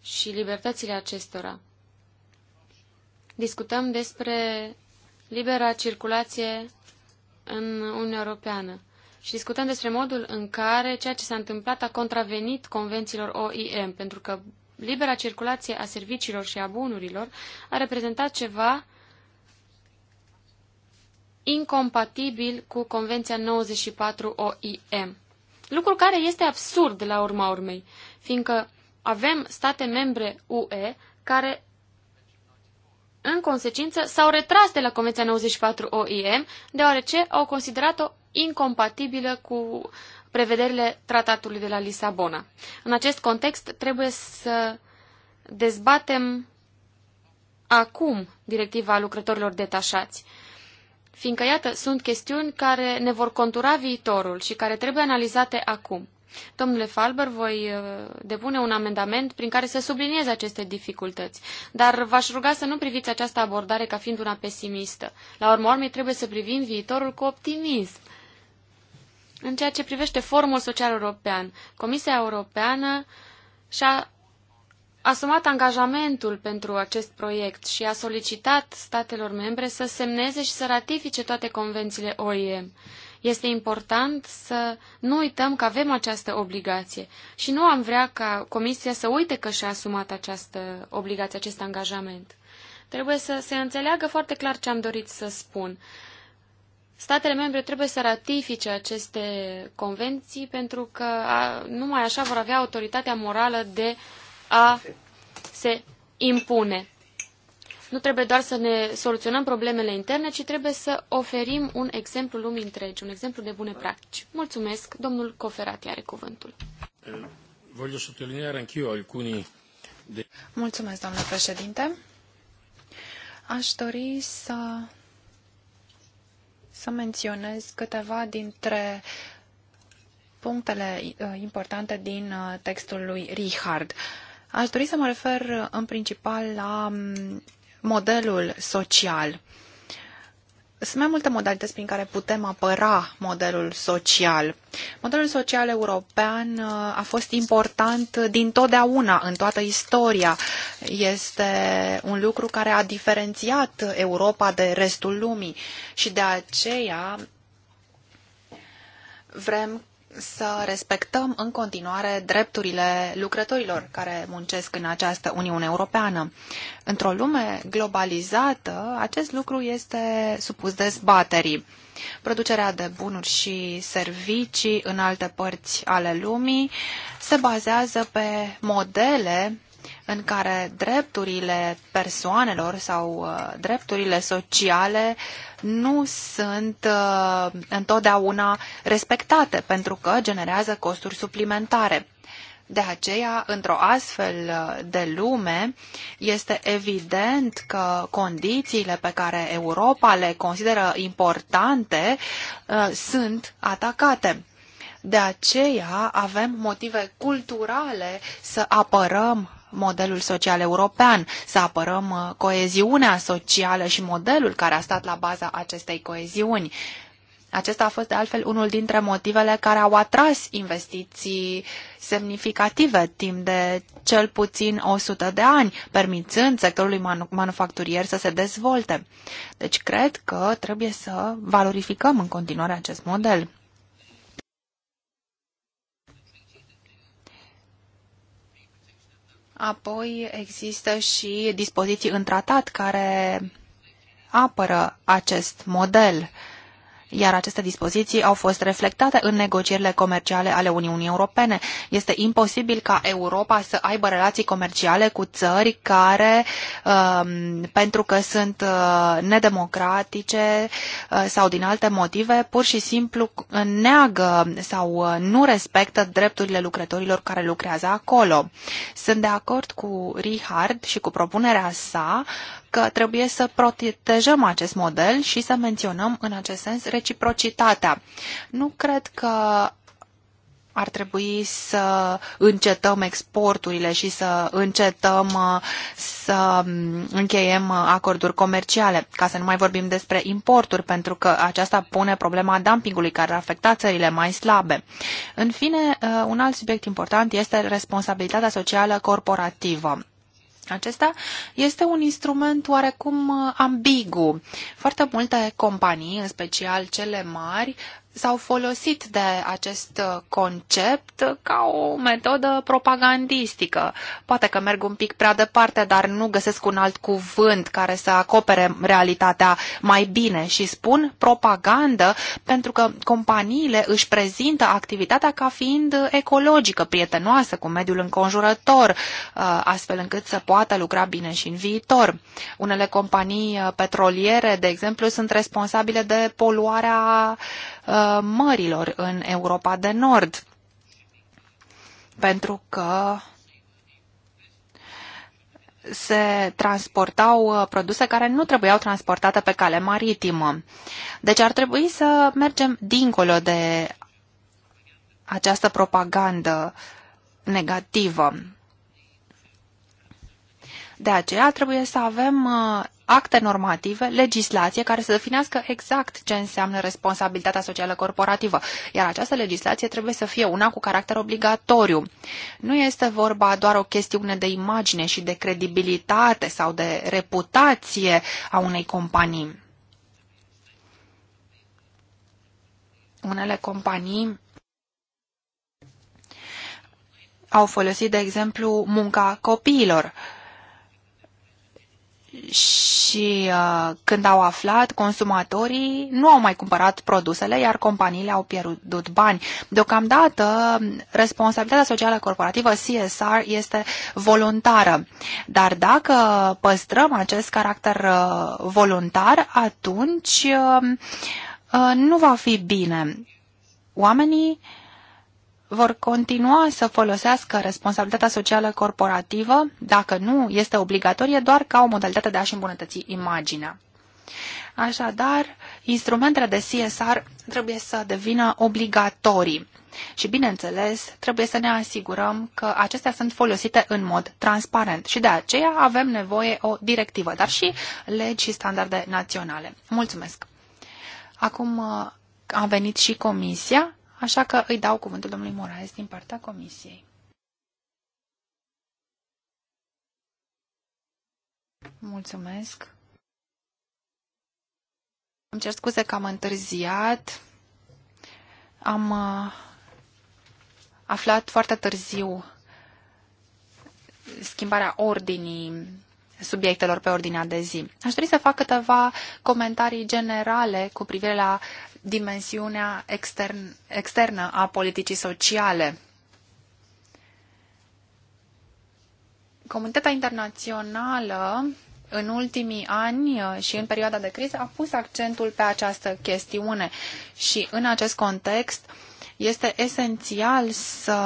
și libertățile acestora. Discutăm despre libera circulație în Uniunea Europeană și discutăm despre modul în care ceea ce s-a întâmplat a contravenit convențiilor OIM, pentru că libera circulație a serviciilor și a bunurilor a reprezentat ceva incompatibil cu Convenția 94 OIM. Lucru care este absurd la urma urmei, fiindcă avem state membre UE care în consecință, s-au retras de la Convenția 94 OIM, deoarece au considerat-o incompatibilă cu prevederile tratatului de la Lisabona. În acest context, trebuie să dezbatem acum directiva lucrătorilor detașați, fiindcă, iată, sunt chestiuni care ne vor contura viitorul și care trebuie analizate acum. Domnule Falber, voi uh, depune un amendament prin care să subliniez aceste dificultăți, dar v-aș ruga să nu priviți această abordare ca fiind una pesimistă. La urmă trebuie să privim viitorul cu optimism. În ceea ce privește Forumul Social European, Comisia Europeană și-a asumat angajamentul pentru acest proiect și a solicitat statelor membre să semneze și să ratifice toate convențiile OIM. Este important să nu uităm că avem această obligație și nu am vrea ca Comisia să uite că și-a asumat această obligație, acest angajament. Trebuie să se înțeleagă foarte clar ce am dorit să spun statele membre trebuie să ratifice aceste convenții pentru că a, numai așa vor avea autoritatea morală de a se impune. Nu trebuie doar să ne soluționăm problemele interne, ci trebuie să oferim un exemplu lumii întregi, un exemplu de bune practici. Mulțumesc, domnul Coferati are cuvântul. Voglio sottolineare anch'io alcuni de... Mulțumesc, doamnă președinte. Aș dori să să menționez câteva dintre punctele uh, importante din uh, textul lui Richard. Aș dori să mă refer în principal la mm, modelul social. Sunt mai multe modalități prin care putem apăra modelul social. Modelul social european uh, a fost important din totdeauna, în toată istoria. Este un lucru care a diferențiat Europa de restul lumii și de aceea vrem să respectăm în continuare drepturile lucrătorilor care muncesc în această Uniune Europeană. Într-o lume globalizată, acest lucru este supus dezbaterii. Producerea de bunuri și servicii în alte părți ale lumii se bazează pe modele în care drepturile persoanelor sau uh, drepturile sociale nu sunt uh, întotdeauna respectate pentru că generează costuri suplimentare. De aceea, într-o astfel uh, de lume, este evident că condițiile pe care Europa le consideră importante sunt atacate. De aceea avem motive culturale să apărăm modelul social european, să apărăm uh, coeziunea socială și modelul care a stat la baza acestei coeziuni. Acesta a fost de altfel unul dintre motivele care au atras investiții semnificative timp de cel puțin 100 de ani, permițând sectorului manufacturier să se dezvolte. Deci cred că trebuie să valorificăm în continuare acest model. Apoi există și dispoziții în tratat care apără acest model iar aceste dispoziții au fost reflectate în negocierile comerciale ale Uniunii Europene. Este imposibil ca Europa să aibă relații comerciale cu țări care, um, pentru că sunt uh, nedemocratice uh, sau din alte motive, pur și simplu neagă sau uh, nu respectă drepturile lucrătorilor care lucrează acolo. Sunt de acord cu Richard și cu propunerea sa că trebuie să protejăm acest model și să menționăm în acest sens reciprocitatea. Nu cred că ar trebui să încetăm exporturile și să încetăm să încheiem acorduri comerciale, ca să nu mai vorbim despre importuri, pentru că aceasta pune problema dumpingului care afecta țările mai slabe. În fine, un alt subiect important este responsabilitatea socială corporativă. Acesta este un instrument oarecum uh, ambigu. Foarte multe companii, în special cele mari, s-au folosit de acest uh, concept ca o metodă propagandistică. Poate că merg un pic prea departe, dar nu găsesc un alt cuvânt care să acopere realitatea mai bine și spun propagandă pentru că companiile își prezintă activitatea ca fiind ecologică, prietenoasă cu mediul înconjurător, uh, astfel încât să poată lucra bine și în viitor. Unele companii uh, petroliere, de exemplu, sunt responsabile de poluarea Uh, mărilor în Europa de Nord, pentru că se transportau uh, produse care nu trebuiau transportate pe cale maritimă. Deci ar trebui să mergem dincolo de această propagandă negativă. De aceea trebuie să avem uh, acte normative, legislație care să definească exact ce înseamnă responsabilitatea socială corporativă, iar această legislație trebuie să fie una cu caracter obligatoriu. Nu este vorba doar o chestiune de imagine și de credibilitate sau de reputație a unei companii. Unele companii au folosit, de exemplu, munca copiilor. Uh, și uh, când au aflat, consumatorii nu au mai cumpărat produsele, iar companiile au pierdut bani. Deocamdată, responsabilitatea socială corporativă CSR este voluntară, dar dacă păstrăm acest caracter uh, voluntar, atunci uh, nu va fi bine. Oamenii vor continua să folosească responsabilitatea socială corporativă, dacă nu este obligatorie, doar ca o modalitate de a-și îmbunătăți imaginea. Așadar, instrumentele de CSR trebuie să devină obligatorii și, bineînțeles, trebuie să ne asigurăm că acestea sunt folosite în mod transparent și de aceea avem nevoie o directivă, dar și legi și standarde naționale. Mulțumesc! Acum uh, a venit și comisia așa că îi dau cuvântul domnului Moraes din partea comisiei. Mulțumesc. Îmi cer scuze că am întârziat. Am uh, aflat foarte târziu schimbarea ordinii subiectelor pe ordinea de zi. Aș dori să fac câteva comentarii generale cu privire la dimensiunea extern, externă a politicii sociale. Comunitatea internațională în ultimii ani și în perioada de criză a pus accentul pe această chestiune și în acest context este esențial să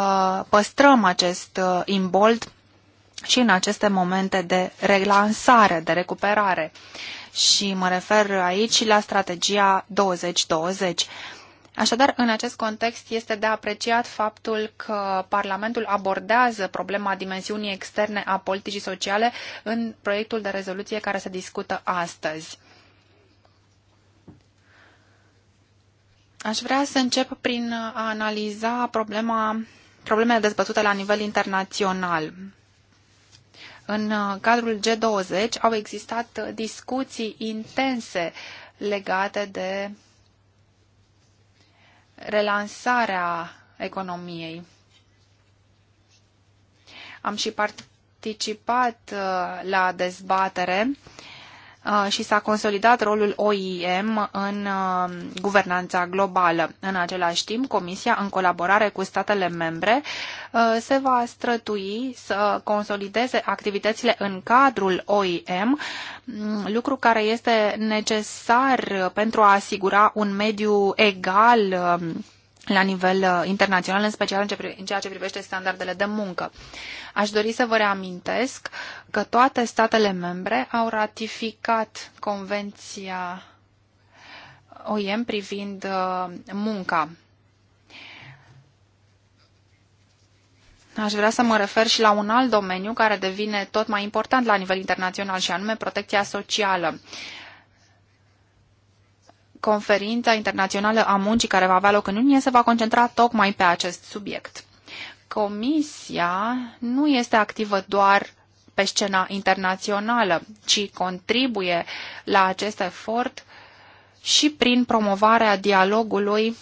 păstrăm acest uh, imbold și în aceste momente de relansare, de recuperare și mă refer aici la strategia 2020. Așadar, în acest context este de apreciat faptul că Parlamentul abordează problema dimensiunii externe a politicii sociale în proiectul de rezoluție care se discută astăzi. Aș vrea să încep prin a analiza problema, problemele dezbătute la nivel internațional. În uh, cadrul G20 au existat uh, discuții intense legate de relansarea economiei. Am și participat uh, la dezbatere uh, și s-a consolidat rolul OIM în guvernanța globală. În același timp, Comisia, în colaborare cu statele membre, se va strătui să consolideze activitățile în cadrul OIM, lucru care este necesar pentru a asigura un mediu egal la nivel uh, internațional, în special în ceea ce privește standardele de muncă. Aș dori să vă reamintesc că toate statele membre au ratificat Convenția OIM privind uh, munca. Aș vrea să mă refer și la un alt domeniu care devine tot mai important la nivel internațional și anume protecția socială. Uh, conferința internațională a muncii care va avea loc în iunie se va concentra tocmai pe acest subiect. Comisia nu este activă doar pe scena internațională, ci contribuie la acest efort și prin promovarea dialogului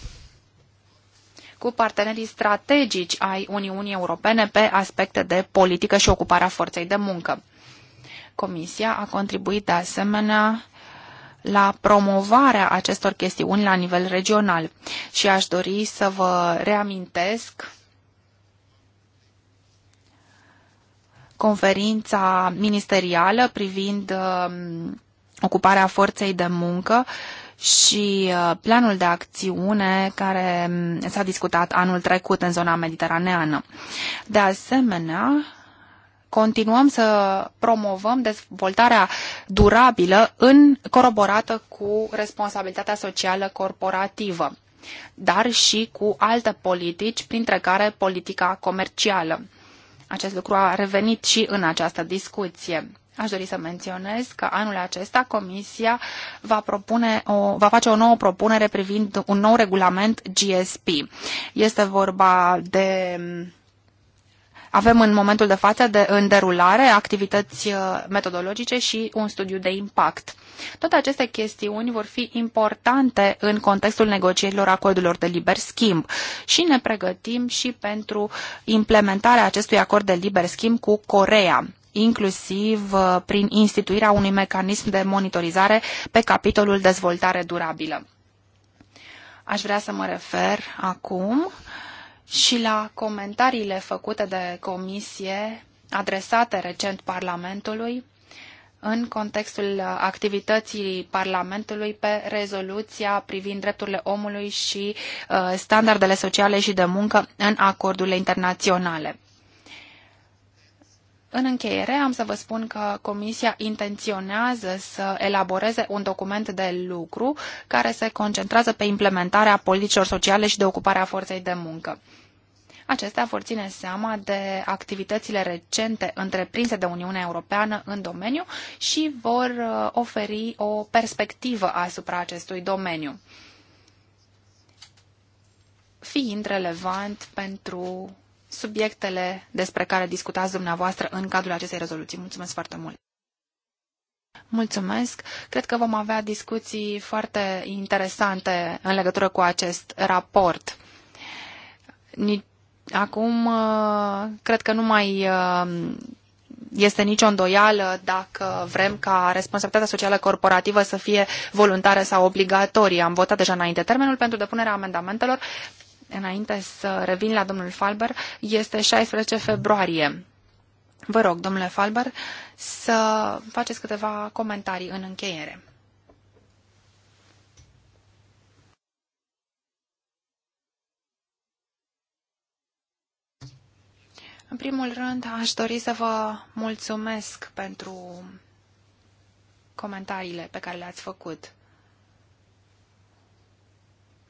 cu partenerii strategici ai Uniunii Europene pe aspecte de politică și ocuparea forței de muncă. Comisia a contribuit de asemenea la promovarea acestor chestiuni la nivel regional. Și aș dori să vă reamintesc conferința ministerială privind um, ocuparea forței de muncă și uh, planul de acțiune care um, s-a discutat anul trecut în zona mediteraneană. De asemenea, continuăm să promovăm dezvoltarea durabilă în coroborată cu responsabilitatea socială corporativă, dar și cu alte politici, printre care politica comercială. Acest lucru a revenit și în această discuție. Aș dori să menționez că anul acesta Comisia va, propune o, va face o nouă propunere privind un nou regulament GSP. Este vorba de avem în momentul de față de, în derulare activități uh, metodologice și un studiu de impact. Toate aceste chestiuni vor fi importante în contextul negocierilor acordurilor de liber schimb și ne pregătim și pentru implementarea acestui acord de liber schimb cu Corea inclusiv uh, prin instituirea unui mecanism de monitorizare pe capitolul dezvoltare durabilă. Aș vrea să mă refer acum uh, și la comentariile făcute de comisie adresate recent Parlamentului în contextul activității Parlamentului pe rezoluția privind drepturile omului și uh, standardele sociale și de muncă în acordurile internaționale. În încheiere, am să vă spun că Comisia intenționează să elaboreze un document de lucru care se concentrează pe implementarea politicilor sociale și de ocupare a forței de muncă. Acestea vor ține seama de activitățile recente întreprinse de Uniunea Europeană în domeniu și vor uh, oferi o perspectivă asupra acestui domeniu, fiind relevant pentru subiectele despre care discutați dumneavoastră în cadrul acestei rezoluții. Mulțumesc foarte mult! Mulțumesc! Cred că vom avea discuții foarte interesante în legătură cu acest raport. Nici Acum, uh, cred că nu mai uh, este nicio îndoială dacă vrem ca responsabilitatea socială corporativă să fie voluntară sau obligatorie. Am votat deja înainte termenul pentru depunerea amendamentelor. Înainte să revin la domnul Falber, este 16 februarie. Vă rog, domnule Falber, să faceți câteva comentarii în încheiere. În primul rând, aș dori să vă mulțumesc pentru comentariile pe care le-ați făcut.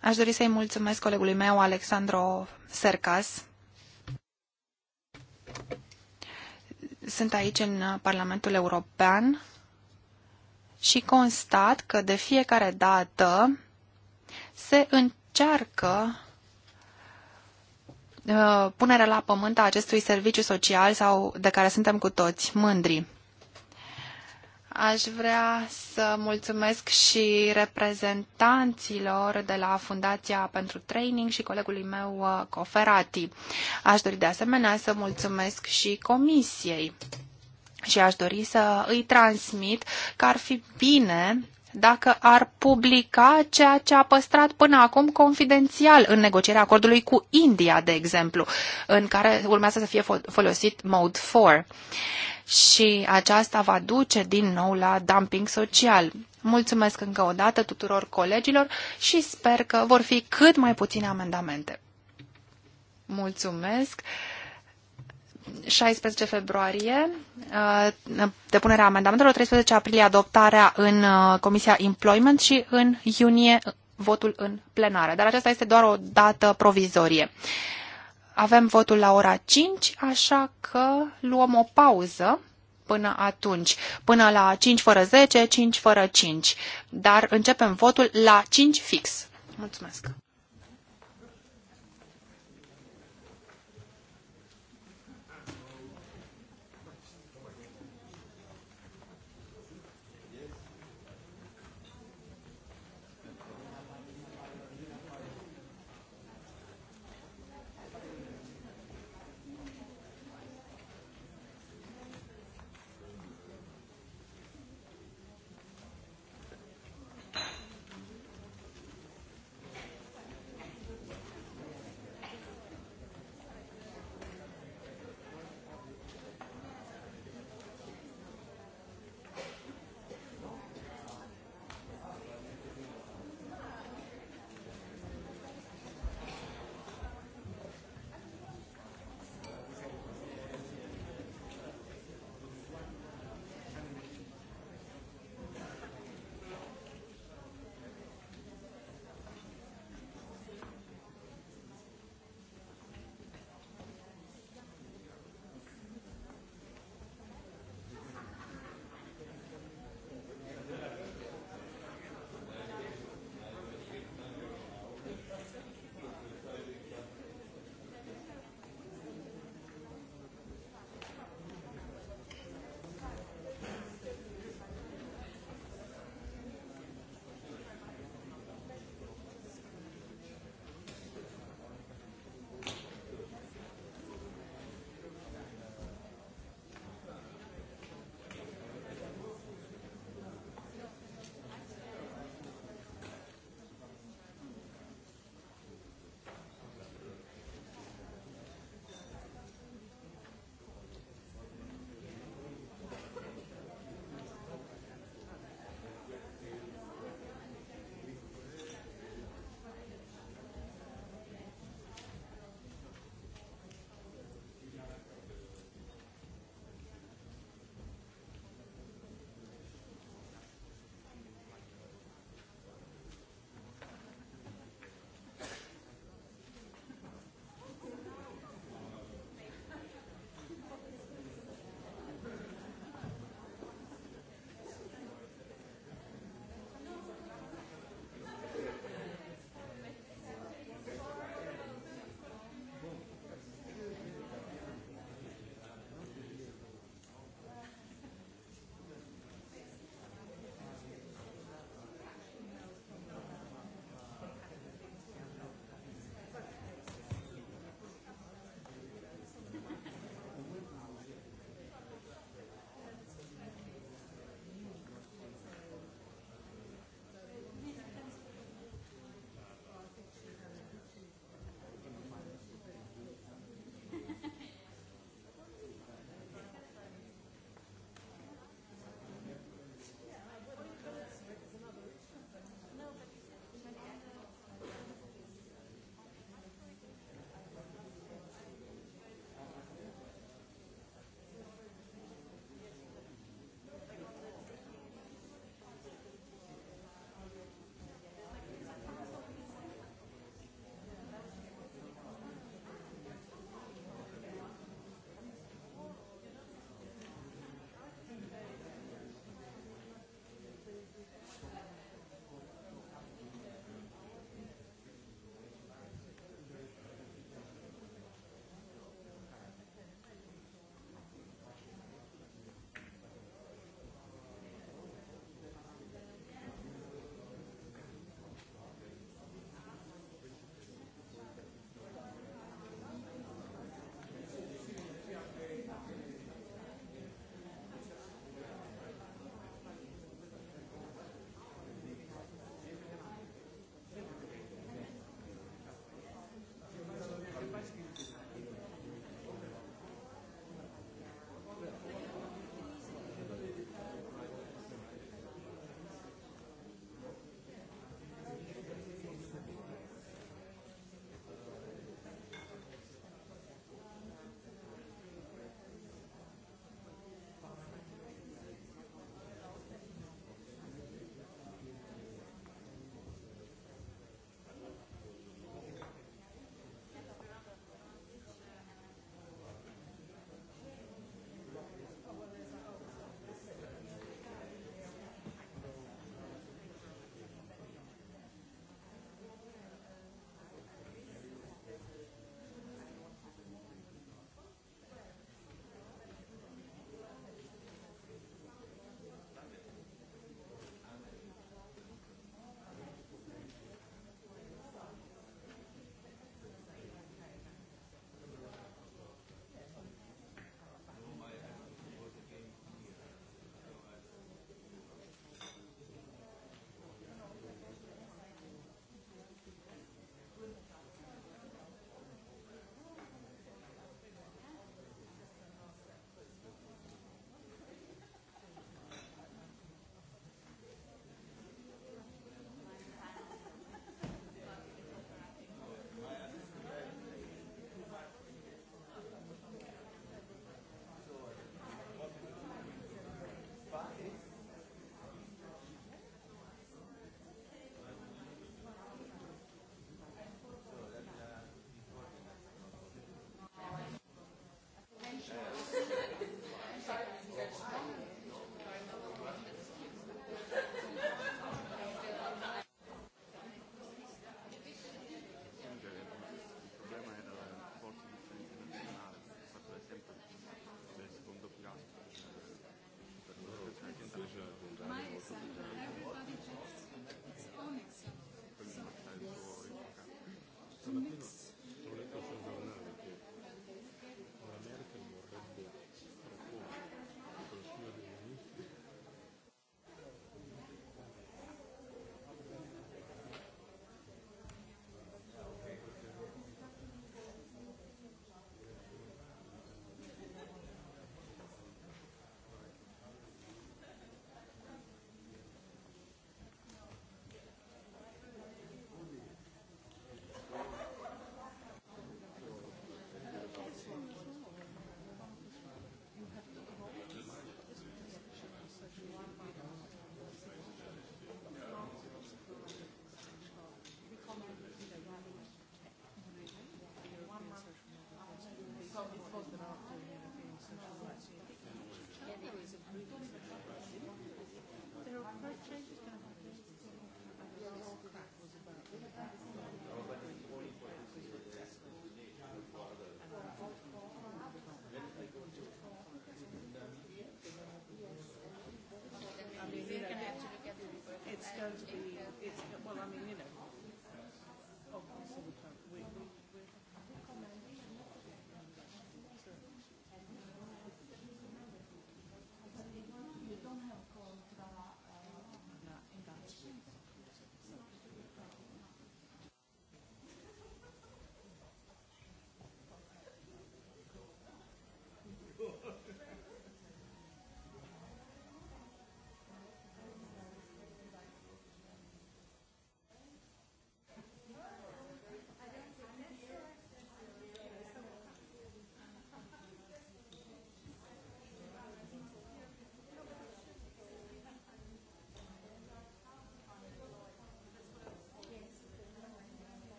Aș dori să-i mulțumesc colegului meu, Alexandro Sercas. Sunt aici în Parlamentul European și constat că de fiecare dată se încearcă Uh, punere la pământ a acestui serviciu social sau de care suntem cu toți mândri. Aș vrea să mulțumesc și reprezentanților de la Fundația pentru Training și colegului meu uh, Coferati. Aș dori de asemenea să mulțumesc și comisiei și aș dori să îi transmit că ar fi bine dacă ar publica ceea ce a păstrat până acum confidențial în negocierea acordului cu India, de exemplu, în care urmează să fie folosit Mode 4. Și aceasta va duce din nou la dumping social. Mulțumesc încă o dată tuturor colegilor și sper că vor fi cât mai puține amendamente. Mulțumesc! 16 februarie, uh, depunerea amendamentelor, 13 aprilie adoptarea în uh, Comisia Employment și în iunie uh, votul în plenară. Dar aceasta este doar o dată provizorie. Avem votul la ora 5, așa că luăm o pauză până atunci, până la 5 fără 10, 5 fără 5. Dar începem votul la 5 fix. Mulțumesc!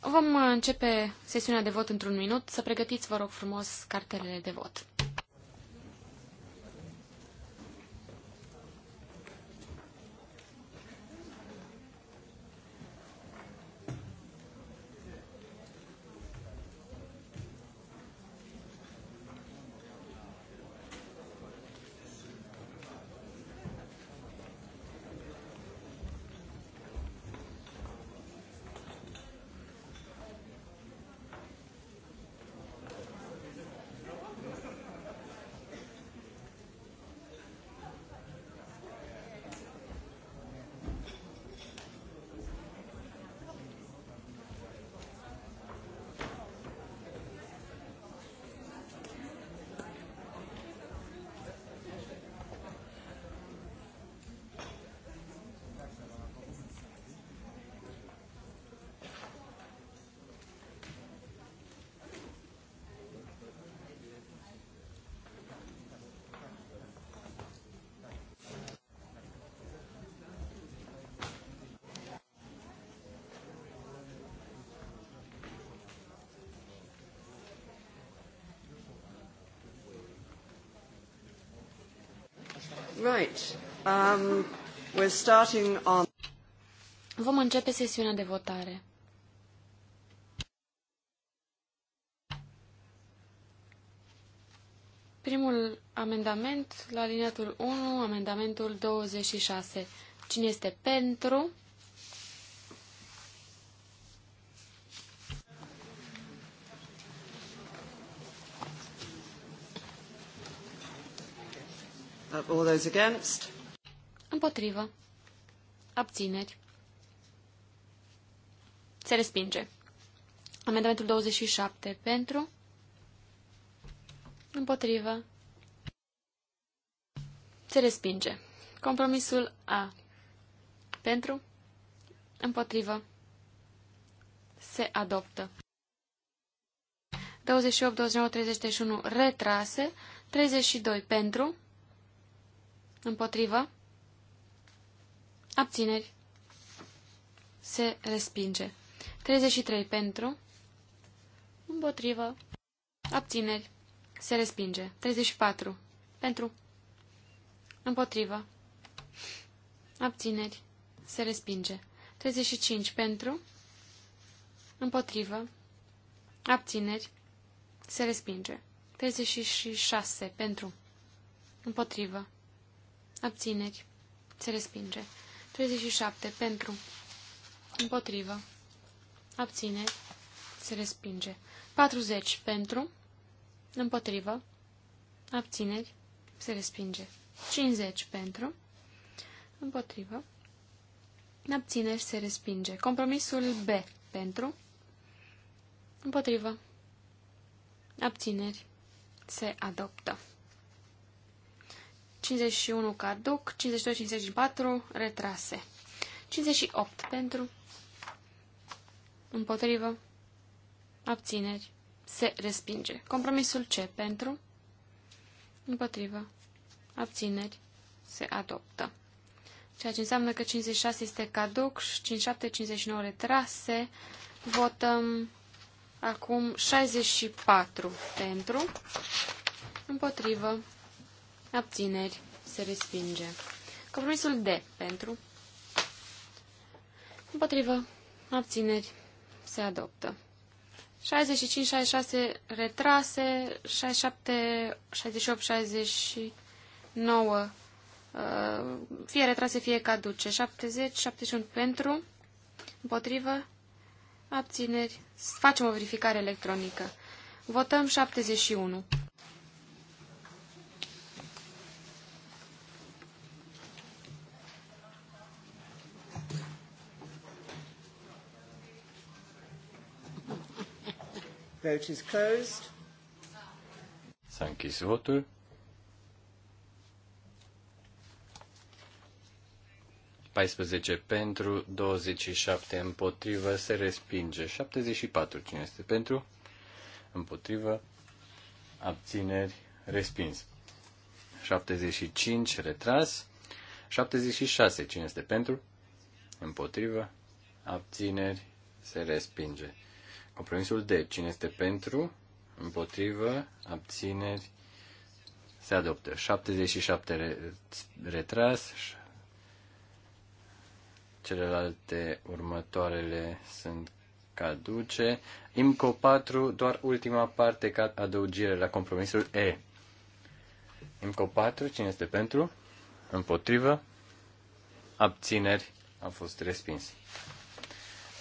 Vom începe sesiunea de vot într-un minut. Să pregătiți, vă rog frumos, cartelele de vot. Right. Um, we're starting on... Vom începe sesiunea de votare. Primul amendament la liniatul 1, amendamentul 26. Cine este pentru? Those against? Împotrivă. Abțineri. Se respinge. Amendamentul 27. Pentru. Împotrivă. Se respinge. Compromisul A. Pentru. Împotrivă. Se adoptă. 28, 29, 31 retrase, 32 pentru, Împotrivă. Abțineri. Se respinge. 33 pentru. Împotrivă. Abțineri. Se respinge. 34 pentru. Împotrivă. Abțineri. Se respinge. 35 pentru. Împotrivă. Abțineri. Se respinge. 36 pentru. Împotrivă. Abțineri. Se respinge. 37. Pentru. Împotrivă. Abțineri. Se respinge. 40. Pentru. Împotrivă. Abțineri. Se respinge. 50. Pentru. Împotrivă. Abțineri. Se respinge. Compromisul B. Pentru. Împotrivă. Abțineri. Se adoptă. 51 caduc, 52-54 retrase. 58 pentru, împotrivă, abțineri, se respinge. Compromisul C pentru, împotrivă, abțineri, se adoptă. Ceea ce înseamnă că 56 este caduc, 57-59 retrase, votăm acum 64 pentru, împotrivă, abțineri, se respinge. Compromisul D pentru, împotrivă, abțineri, se adoptă. 65, 66 retrase, 67, 68, 69 fie retrase, fie caduce. 70, 71 pentru, împotrivă, abțineri. Facem o verificare electronică. Votăm 71. Vote is closed. S-a închis votul. Paisprezece pentru, șapte împotrivă, se respinge. 74 cine este pentru? Împotrivă, abțineri, respins. 75 retras. 76 cine este pentru? Împotrivă, abțineri, se respinge. Compromisul D. Cine este pentru? Împotrivă? Abțineri? Se adoptă. 77 retras. Celelalte următoarele sunt caduce. IMCO 4, doar ultima parte ca adăugire la compromisul E. IMCO 4, cine este pentru? Împotrivă? Abțineri? A fost respins.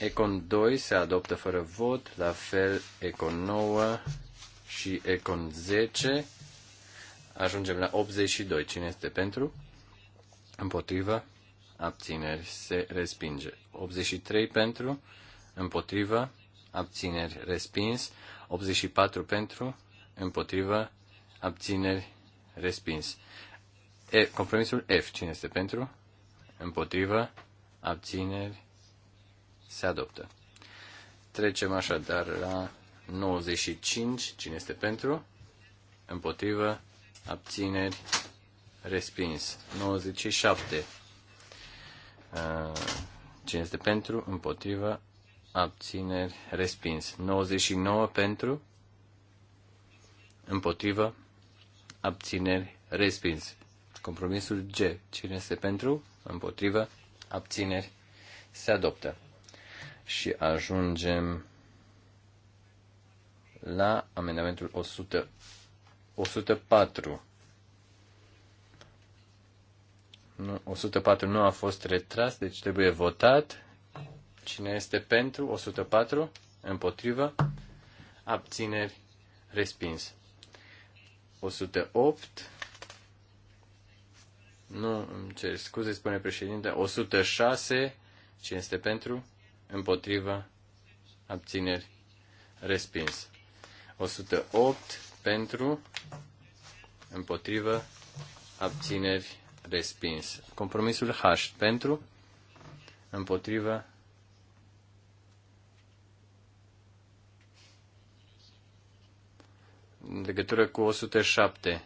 Econ 2 se adoptă fără vot, la fel Econ 9 și Econ 10. Ajungem la 82. Cine este pentru? Împotrivă? Abțineri se respinge. 83 pentru? Împotrivă? Abțineri respins. 84 pentru? Împotrivă? Abțineri respins. E, compromisul F. Cine este pentru? Împotrivă? Abțineri se adoptă. Trecem așadar la 95. Cine este pentru? Împotrivă. Abțineri. Respins. 97. Uh, cine este pentru? Împotrivă. Abțineri. Respins. 99 pentru. Împotrivă. Abțineri. Respins. Compromisul G. Cine este pentru? Împotrivă. Abțineri. Se adoptă și ajungem la amendamentul 100, 104. Nu, 104 nu a fost retras, deci trebuie votat. Cine este pentru? 104. Împotrivă. Abțineri. Respins. 108. Nu, îmi cer scuze, spune președinte. 106. Cine este pentru? împotriva, abțineri, respins. 108 pentru, împotrivă, abțineri, respins. Compromisul H pentru, împotrivă, în legătură cu 107.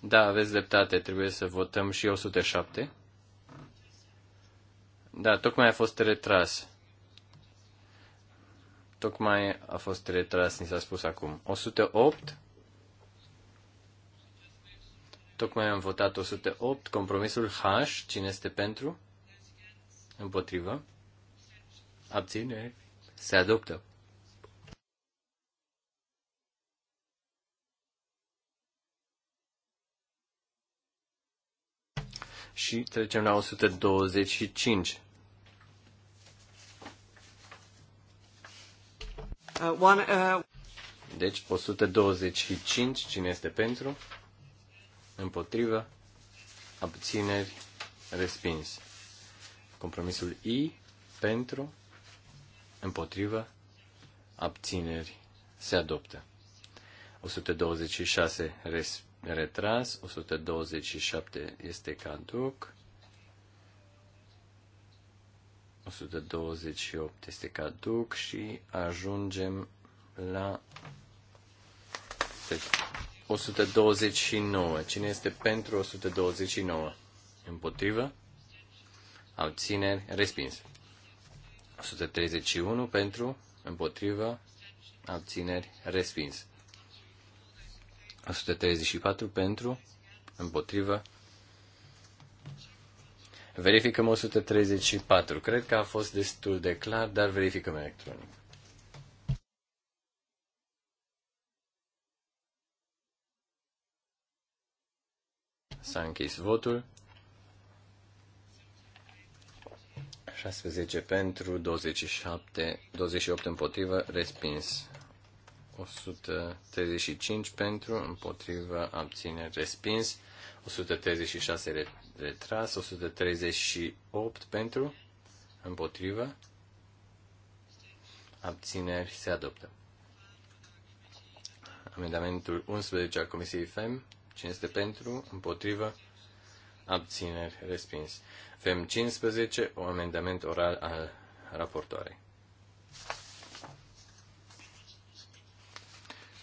Da, aveți dreptate, trebuie să votăm și 107. Da, tocmai a fost retras. Tocmai a fost retras, ni s-a spus acum. 108. Tocmai am votat 108. Compromisul H. Cine este pentru? Împotrivă. Abține. Se adoptă. Și trecem la 125. Uh, one, uh... Deci 125, cine este pentru? Împotrivă? Abțineri? Respins. Compromisul I, pentru? Împotrivă? Abțineri? Se adoptă. 126 res, retras, 127 este caduc, 128 este caduc și ajungem la 129. Deci, Cine este pentru 129? Împotrivă? Abțineri? Respins. 131 pentru? Împotrivă? Abțineri? Respins. 134 pentru? Împotrivă? Verificăm 134. Cred că a fost destul de clar, dar verificăm electronic. S-a închis votul. 16 pentru, 27, 28 împotrivă, respins. 135 pentru, împotrivă, abține, respins. 136 retras, 138 pentru, împotrivă, abțineri se adoptă. Amendamentul 11 al Comisiei FEM, cine este pentru, împotrivă, abțineri respins. FEM 15, o amendament oral al raportoarei.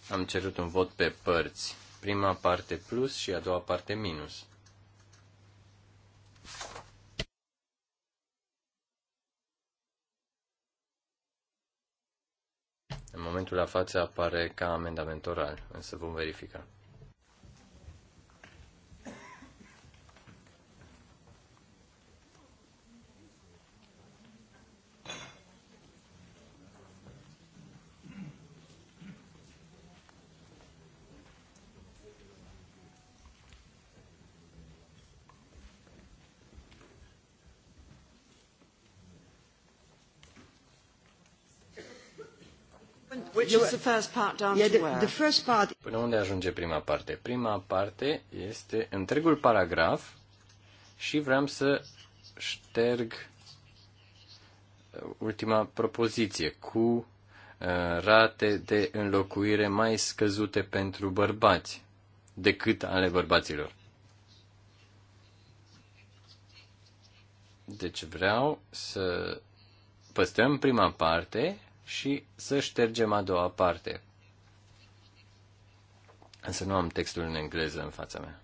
Am cerut un vot pe părți. Prima parte plus și a doua parte minus. În momentul la față apare ca amendament oral, însă vom verifica. Până unde ajunge prima parte? Prima parte este întregul paragraf și vreau să șterg uh, ultima propoziție cu uh, rate de înlocuire mai scăzute pentru bărbați decât ale bărbaților. Deci vreau să păstrăm prima parte și să ștergem a doua parte. Însă nu am textul în engleză în fața mea.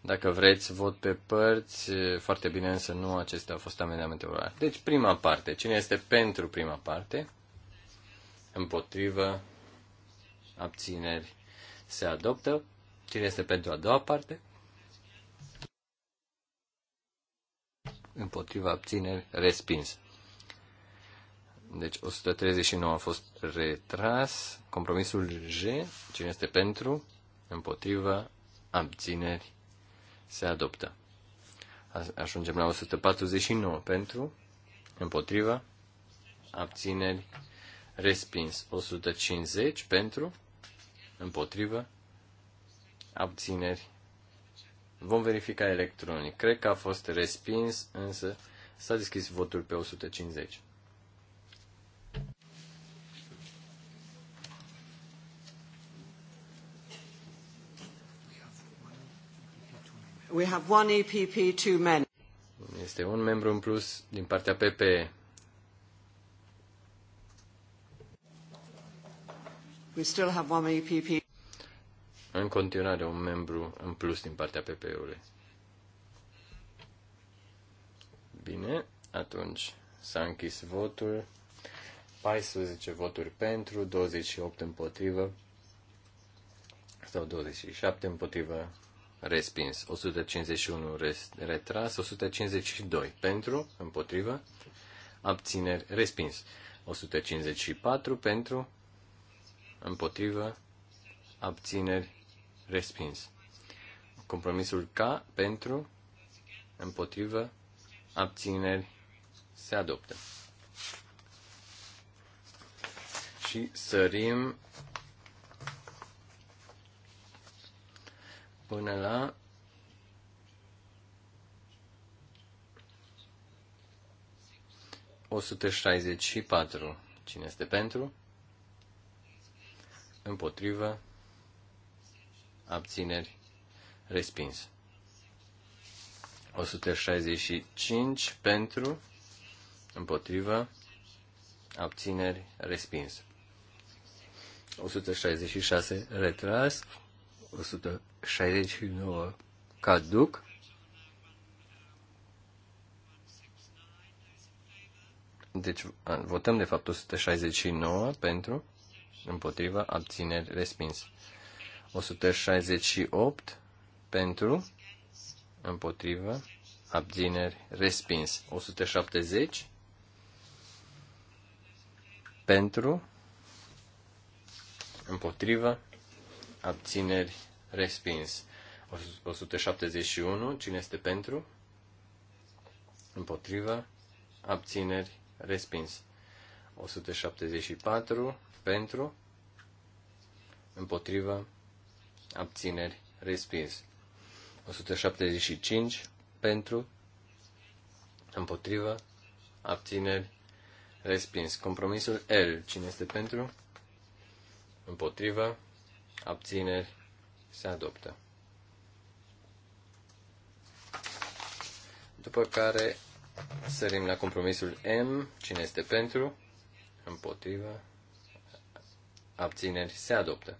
Dacă vreți, vot pe părți, foarte bine, însă nu acestea au fost amendamente orale. Deci, prima parte. Cine este pentru prima parte? Împotrivă? Abțineri? Se adoptă? Cine este pentru a doua parte? Împotriva abțineri? Respins. Deci 139 a fost retras. Compromisul G, cine este pentru, împotriva, abțineri, se adoptă. Ajungem la 149 pentru, împotriva, abțineri, respins. 150 pentru, împotriva, abțineri. Vom verifica electronic. Cred că a fost respins, însă s-a deschis votul pe 150. We have one EPP, two men. Este un membru în plus din partea PPE. We still have one EPP. În continuare, un membru în plus din partea PPE-ului. Bine, atunci s-a închis votul. 14 voturi pentru, 28 împotrivă sau 27 împotrivă, respins, 151 res, retras, 152 pentru, împotrivă, abțineri, respins, 154 pentru, împotrivă, abțineri, respins. Compromisul K pentru, împotrivă, abțineri, se adoptă. Și sărim până la patru Cine este pentru? Împotrivă? Abțineri? Respins. 165 pentru, împotrivă, abțineri, respins. 166 retras, 100, 69 caduc. Deci votăm de fapt 169 pentru, împotriva, abțineri, respins. 168 pentru, împotriva, abțineri, respins. 170 pentru, împotriva, abțineri, Respins. 171. Cine este pentru? Împotrivă. Abțineri. Respins. 174. Pentru. Împotrivă. Abțineri. Respins. 175. Pentru. Împotrivă. Abțineri. Respins. Compromisul L. Cine este pentru? Împotrivă. Abțineri se adoptă. După care sărim la compromisul M, cine este pentru, împotrivă, abțineri, se adoptă.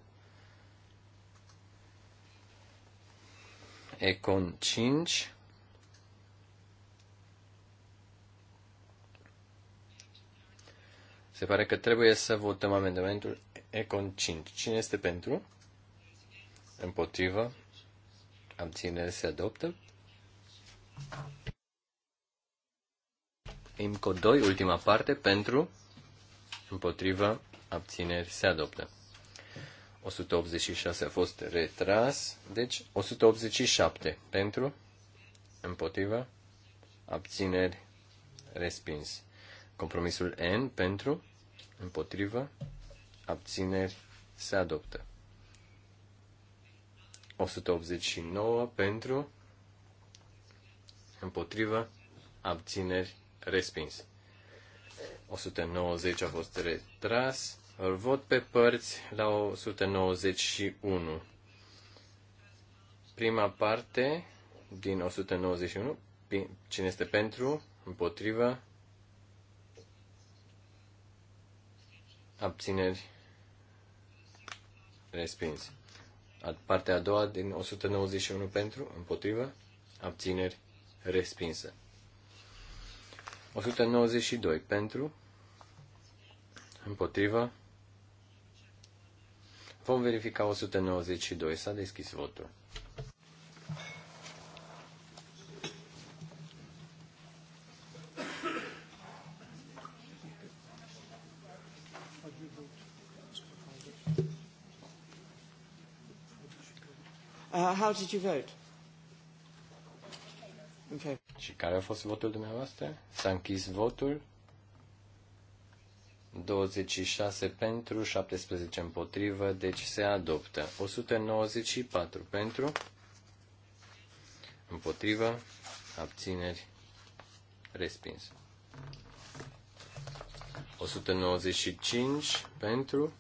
Econ 5. Se pare că trebuie să votăm amendamentul Econ 5. Cine este pentru? Împotrivă. abținere se adoptă. IMCO 2, ultima parte, pentru, împotrivă, abțineri, se adoptă. 186 a fost retras, deci 187 pentru, împotrivă, abțineri, respins. Compromisul N pentru, împotrivă, abțineri, se adoptă. 189 pentru, împotrivă, abțineri, respins. 190 a fost retras. Îl vot pe părți la 191. Prima parte din 191. Cine este pentru? Împotrivă? Abțineri? Respins. Partea a doua din 191 pentru, împotrivă, abțineri, respinsă. 192 pentru, împotrivă, vom verifica 192, s-a deschis votul. how did you vote? Okay. Și care a fost votul dumneavoastră? S-a închis votul. 26 pentru, 17 împotrivă, deci se adoptă. 194 pentru, împotrivă, abțineri, respins. 195 pentru,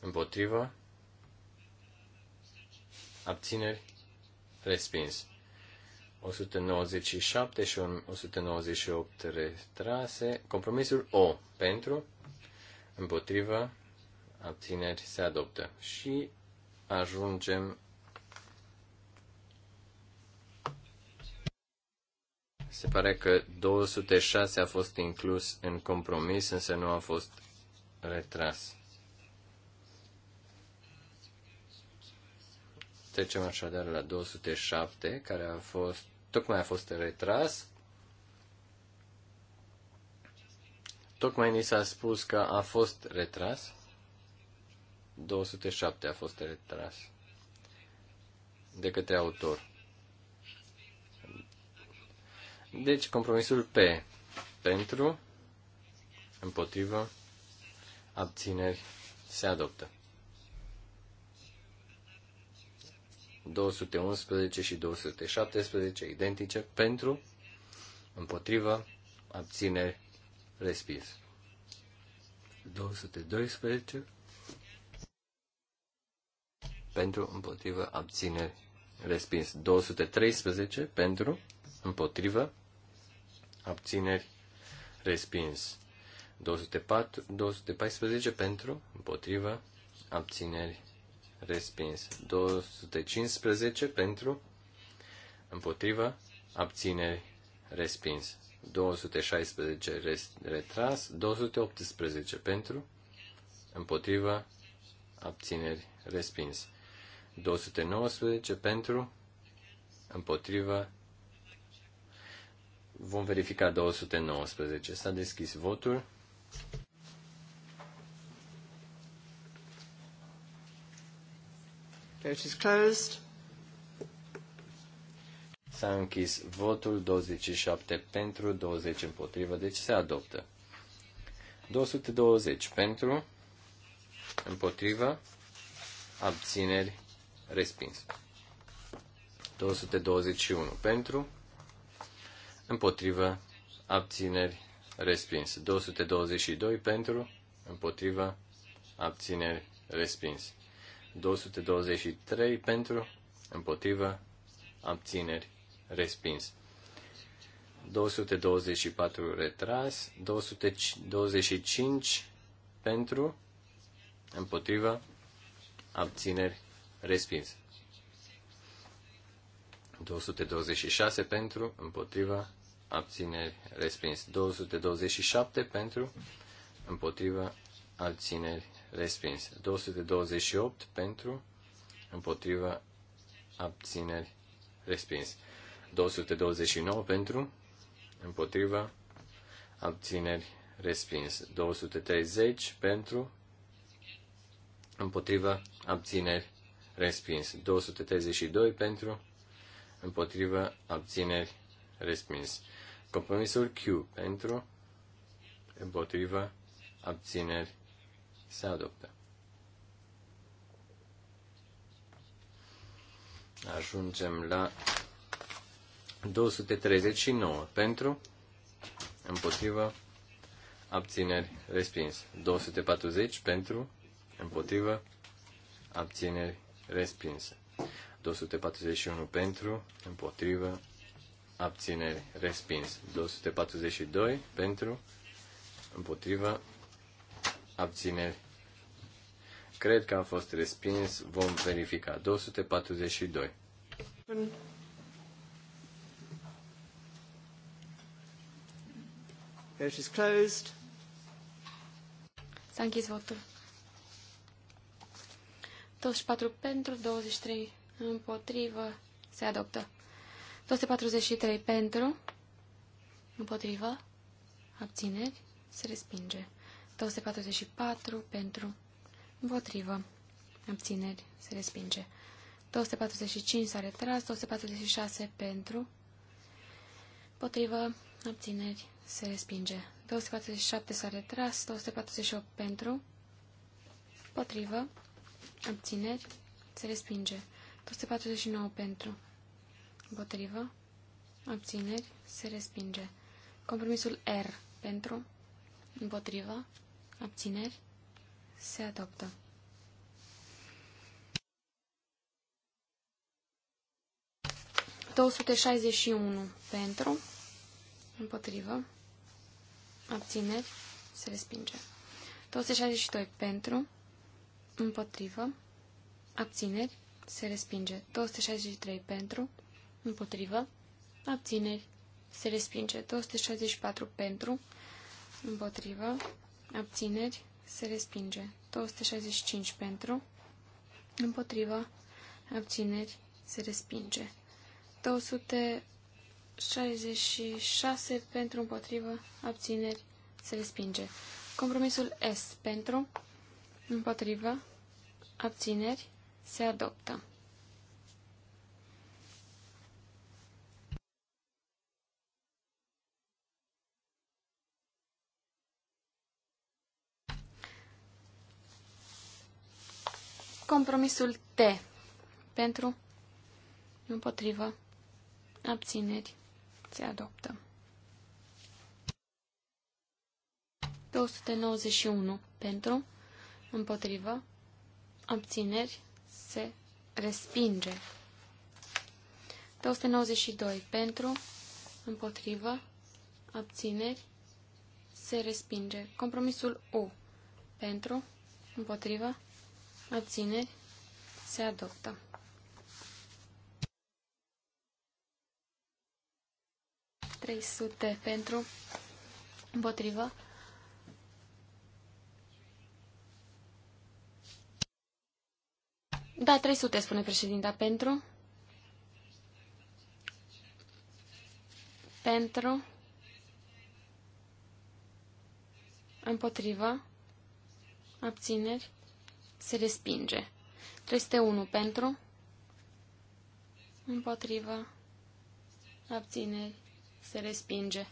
împotrivă, abțineri, respins. 197 și 198 retrase. Compromisul O pentru, împotrivă, abțineri se adoptă. Și ajungem Se pare că 206 a fost inclus în compromis, însă nu a fost retras. Trecem așadar la 207, care a fost, tocmai a fost retras. Tocmai ni s-a spus că a fost retras. 207 a fost retras de către autor. Deci, compromisul P. Pentru, împotrivă, abțineri, se adoptă. 211 și 217 identice pentru, împotrivă, abțineri, respins. 212 pentru, împotrivă, abțineri, respins. 213 pentru, împotrivă, abțineri, respins. 204, 214 pentru, împotrivă, abțineri, respins. 215 pentru, împotriva, abțineri, respins. 216 res, retras, 218 pentru, împotriva, abțineri, respins. 219 pentru, împotriva, vom verifica 219. S-a deschis votul. Vote is closed. S-a închis votul 27 pentru, 20 împotrivă, deci se adoptă. 220 pentru, împotrivă, abțineri, respins. 221 pentru, împotrivă, abțineri, respins. 222 pentru, împotrivă, abțineri, respins. 223 pentru, împotrivă, abțineri, respins. 224 retras, 225 pentru, împotrivă, abțineri, respins. 226 pentru, împotrivă, abțineri, respins. 227 pentru, împotrivă, abțineri, respins. 228 pentru, împotriva, abțineri, respins. 229 pentru, împotriva, abțineri, respins. 230 pentru, împotriva, abțineri, respins. 232 pentru, împotriva, abțineri, respins. Compromisul Q pentru, împotriva, abțineri, se adoptă. Ajungem la 239 pentru, împotrivă, abțineri, respins. 240 pentru, împotrivă, abțineri, respins. 241 pentru, împotrivă, abțineri, respins. 242 pentru, împotrivă, abțineri. Cred că a fost respins. Vom verifica. 242. Vote is closed. S-a închis votul. 24 pentru, 23 împotrivă, se adoptă. 243 pentru, împotrivă, abțineri, se respinge. 244 pentru, împotrivă, abțineri, se respinge. 245 s-a retras, 246 pentru, împotrivă, abțineri, se respinge. 247 s-a retras, 248 pentru, împotrivă, abțineri, se respinge. 249 pentru, împotrivă, abțineri, se respinge. Compromisul R pentru, împotrivă, abțineri, se adoptă. unu pentru, împotrivă, abțineri, se respinge. 262 pentru, împotrivă, abțineri, se respinge. 263 pentru, împotrivă, abțineri, se respinge. 264 pentru, împotrivă, abțineri, se respinge. 265 pentru, împotriva, abțineri, se respinge. 266 pentru, împotriva, abțineri, se respinge. Compromisul S pentru, împotriva, abțineri, se adoptă. Compromisul T. Pentru, împotrivă, abțineri, se adoptă. 291. Pentru, împotrivă, abțineri, se respinge. 292. Pentru, împotrivă, abțineri, se respinge. Compromisul U. Pentru, împotrivă, abțineri, se adoptă. Trei sute pentru, împotrivă. Da, 300, spune președinta, pentru... Pentru... Împotrivă. Abțineri se respinge. 301 pentru, împotrivă, abțineri, se respinge.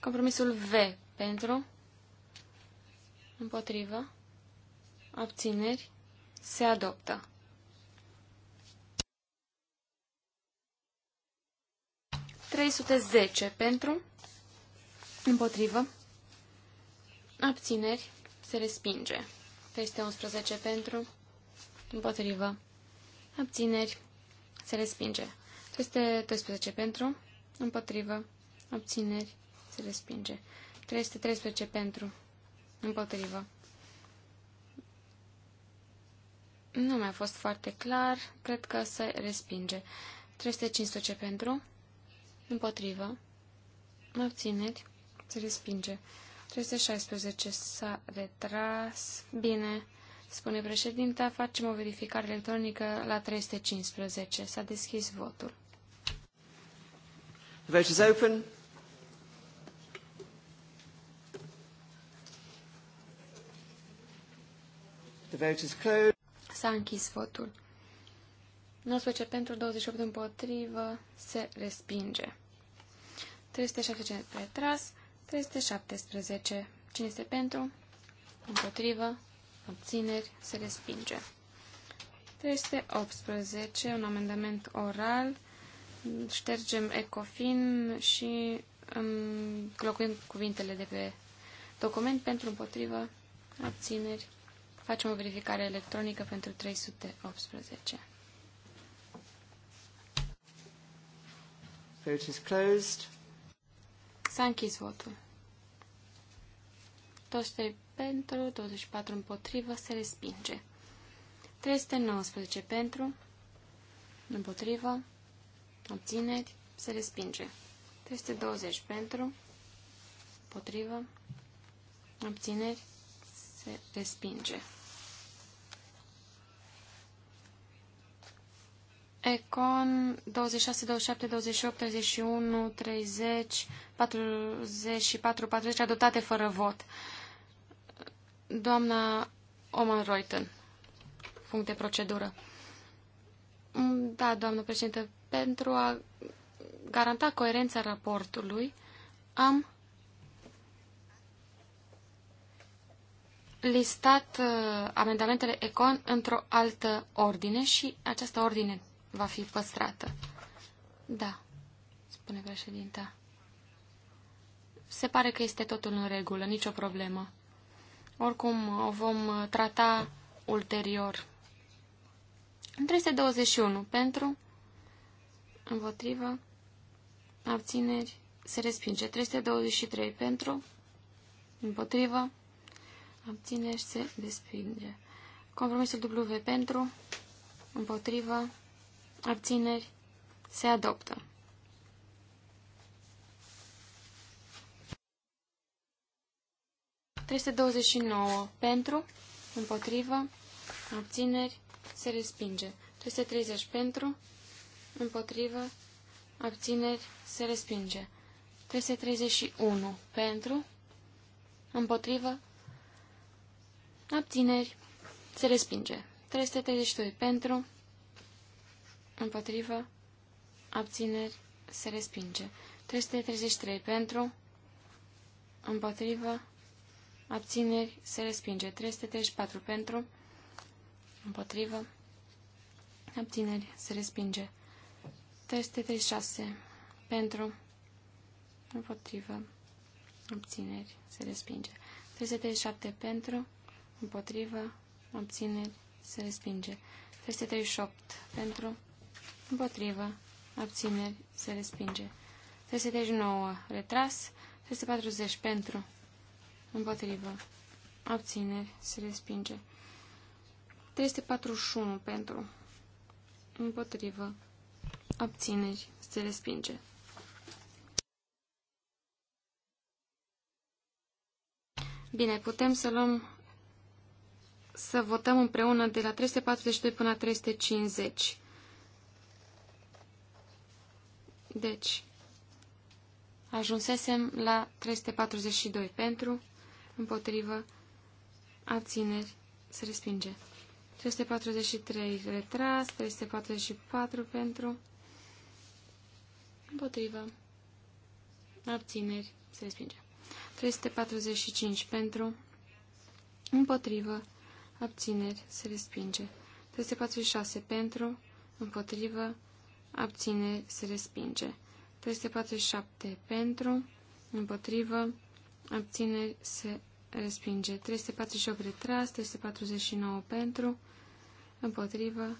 Compromisul V pentru, împotrivă, abțineri, se adoptă. Trei sute zece pentru, împotrivă, abțineri, se respinge. 11 pentru, împotrivă, abțineri, se respinge. 12 pentru, împotrivă, abțineri, se respinge. 313 pentru, împotrivă. Nu mi-a fost foarte clar, cred că se respinge. 315 pentru, împotrivă, abțineri, se respinge. 316 s-a retras. Bine, spune președinta, facem o verificare electronică la 315. S-a deschis votul. The vote is open. The vote is closed. S-a închis votul. 19 pentru, 28 împotrivă, se respinge. 316 retras. 317. Cine este pentru? Împotrivă. Abțineri. Se respinge. 318. Un amendament oral. Ștergem ECOFIN și înlocuim cuvintele de pe document pentru împotrivă. Abțineri. Facem o verificare electronică pentru 318. Vote is closed. S-a închis votul. 23 pentru, 24 împotrivă, se respinge. 319 pentru, împotrivă, obțineri, se respinge. 320 pentru, împotrivă, obțineri, se respinge. Econ 26, 27, 28, 31, 30, 44, 40, adoptate fără vot. Doamna Oman Reuten, punct de procedură. Da, doamnă președinte, pentru a garanta coerența raportului, am listat uh, amendamentele Econ într-o altă ordine și această ordine va fi păstrată. Da, spune președinta. Se pare că este totul în regulă, nicio problemă. Oricum, o vom uh, trata ulterior. 321. Pentru, împotrivă, abțineri, se respinge. 323. Pentru, împotrivă, abțineri, se respinge. Compromisul W pentru, împotrivă, abțineri, se adoptă. Treste 29 pentru, împotrivă, abțineri, se respinge. 330 pentru, împotrivă, abțineri, se respinge. 331 pentru, împotrivă, abțineri, se respinge. 332 pentru, împotrivă, abțineri, se respinge. 333 pentru, împotrivă, abțineri, se respinge. 334 pentru, împotrivă, abțineri, se respinge. 336 pentru, împotrivă, abțineri, se respinge. 337 pentru, împotrivă, abțineri, se respinge. 338 pentru, împotrivă, abțineri, se respinge. 39. retras. 340, pentru, împotrivă, abțineri, se respinge. 341, pentru, împotrivă, abțineri, se respinge. Bine, putem să luăm să votăm împreună de la 342 până la 350. Deci, ajunsesem la 342 pentru, împotrivă, abțineri, se respinge. 343 retras, 344 pentru, împotrivă, abțineri, se respinge. 345 pentru, împotrivă, abțineri, se respinge. 346 pentru, împotrivă, abține, se respinge. 347 pentru, împotrivă, abține, se respinge. 348 retras, 349 pentru, împotrivă,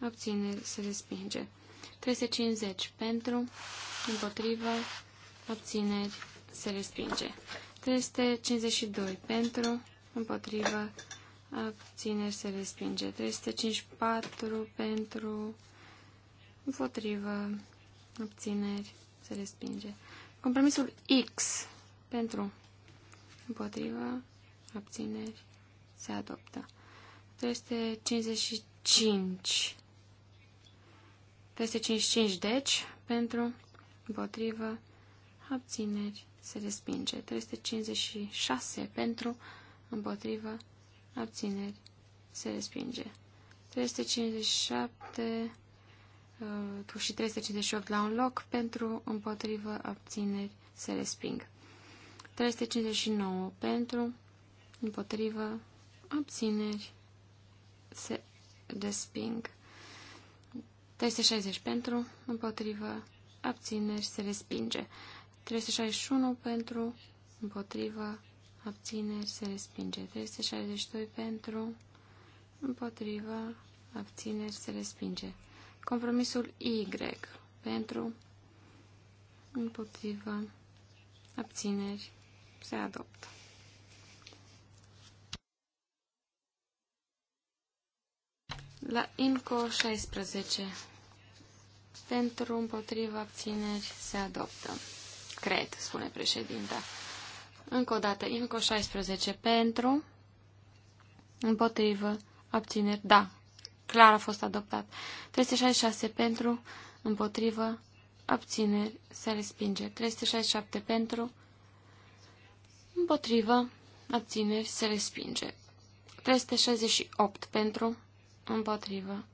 abține, se respinge. 350 pentru, împotrivă, abțineri, se respinge. 352 pentru, împotrivă, abțineri, se respinge. 354 pentru, Împotrivă. obțineri, Se respinge. Compromisul X. Pentru. Împotrivă. obțineri, Se adoptă. 355. 355, deci, pentru, împotrivă, abțineri, se respinge. 356, pentru, împotrivă, abțineri, se respinge. 357, Uh, și 358 la un loc, pentru, împotrivă, abțineri, se resping. 359 pentru, împotrivă, abțineri, se resping. 360 pentru, împotrivă, abțineri, se respinge. 361 pentru, împotrivă, abțineri, se respinge. 362 pentru, împotrivă, abțineri, se respinge. Compromisul Y pentru împotrivă abțineri se adoptă. La IMCO 16 pentru împotriva abțineri se adoptă. Cred, spune președinta. Încă o dată, INCO 16 pentru împotrivă abțineri. Da, clar a fost adoptat. 366 pentru, împotrivă, abțineri, se respinge. 367 pentru, împotrivă, abțineri, se respinge. 368 pentru, împotrivă,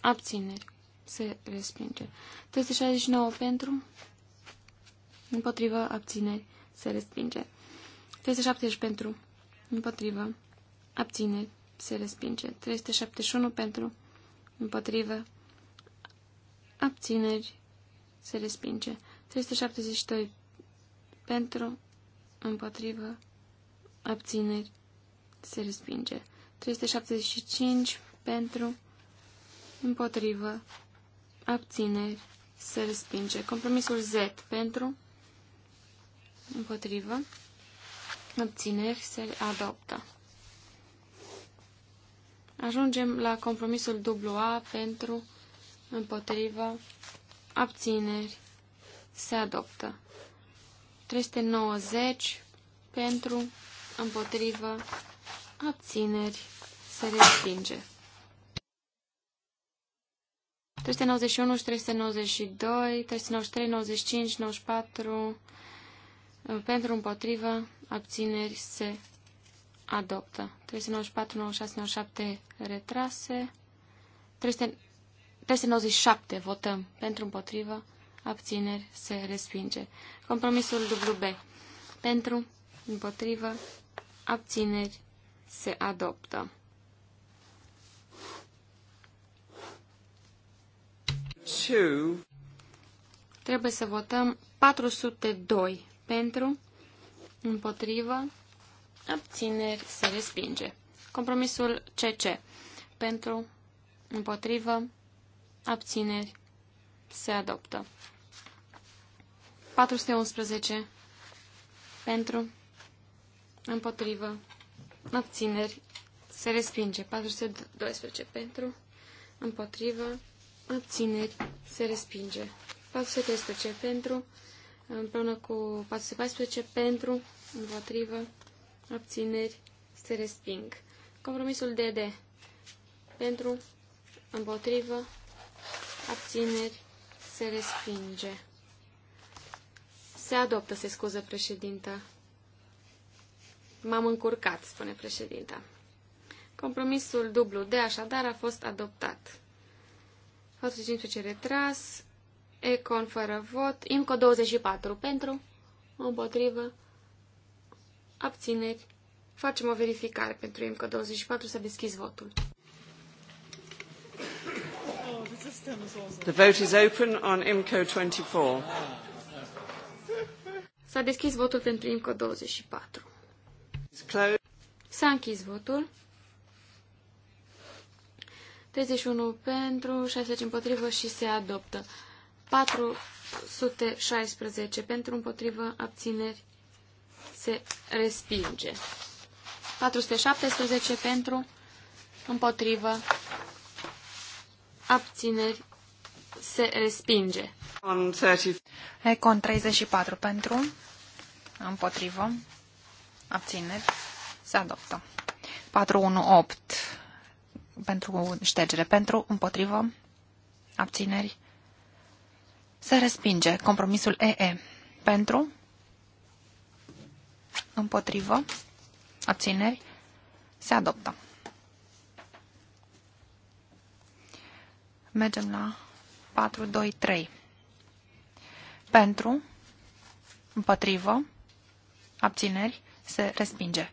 abțineri, se respinge. 369 pentru, împotrivă, abțineri, se respinge. 370 pentru, împotrivă, abțineri, se respinge. 371 pentru, împotrivă, abțineri, se respinge. 372 pentru, împotrivă, abțineri, se respinge. 375 pentru, împotrivă, abțineri, se respinge. Compromisul Z pentru, împotrivă, abțineri, se adoptă. Ajungem la compromisul dublu A pentru, împotrivă, abțineri, se adoptă. 390 pentru, împotrivă, abțineri, se respinge. 391 și 392, 393, 95, 94, pentru, împotrivă, abțineri, se adoptă. 394, 96, 97 retrase. 300, 397 votăm pentru împotrivă, abțineri se respinge. Compromisul WB pentru împotrivă, abțineri se adoptă. Two. Trebuie să votăm 402 pentru, împotrivă, abțineri, se respinge. Compromisul CC, pentru, împotrivă, abțineri, se adoptă. 411, pentru, împotrivă, abțineri, se respinge. 412, pentru, împotrivă, abțineri, se respinge. 413 pentru, împreună cu 414 pentru, împotrivă, abțineri, se resping. Compromisul DD pentru, împotrivă, abțineri, se respinge. Se adoptă, se scuză președinta. M-am încurcat, spune președinta. Compromisul dublu de așadar, a fost adoptat. 415 retras, Econ fără vot, IMCO 24 pentru, împotrivă, abțineri, facem o verificare pentru IMCO 24, s-a deschis votul. The vote is open on IMCO 24. S-a deschis votul pentru IMCO 24. S-a închis votul. 31 pentru, 60 împotrivă și se adoptă. 416 pentru împotrivă, abțineri, se respinge. 417 pentru, împotrivă, abțineri, se respinge. Econ 34 pentru, împotrivă, abțineri, se adoptă. 418 pentru ștergere, pentru, împotrivă, abțineri, se respinge. Compromisul EE pentru, Împotrivă. Abțineri. Se adoptă. Mergem la 4, 2, 3. Pentru. Împotrivă. Abțineri. Se respinge.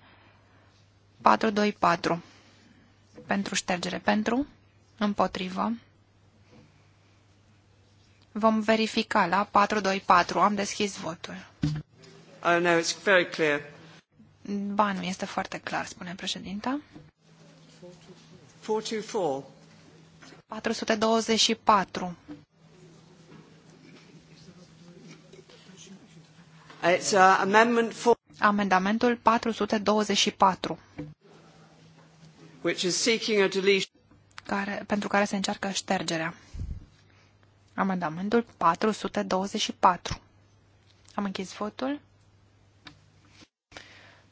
4, 2, 4. Pentru ștergere. Pentru. Împotrivă. Vom verifica la 424. Am deschis votul. Oh, no, it's very clear. Ba, nu este foarte clar, spune președinta. 424. It's, uh, amendment for... Amendamentul 424. Which is seeking a deletion. Care, pentru care se încearcă ștergerea. Amendamentul 424. Am închis votul.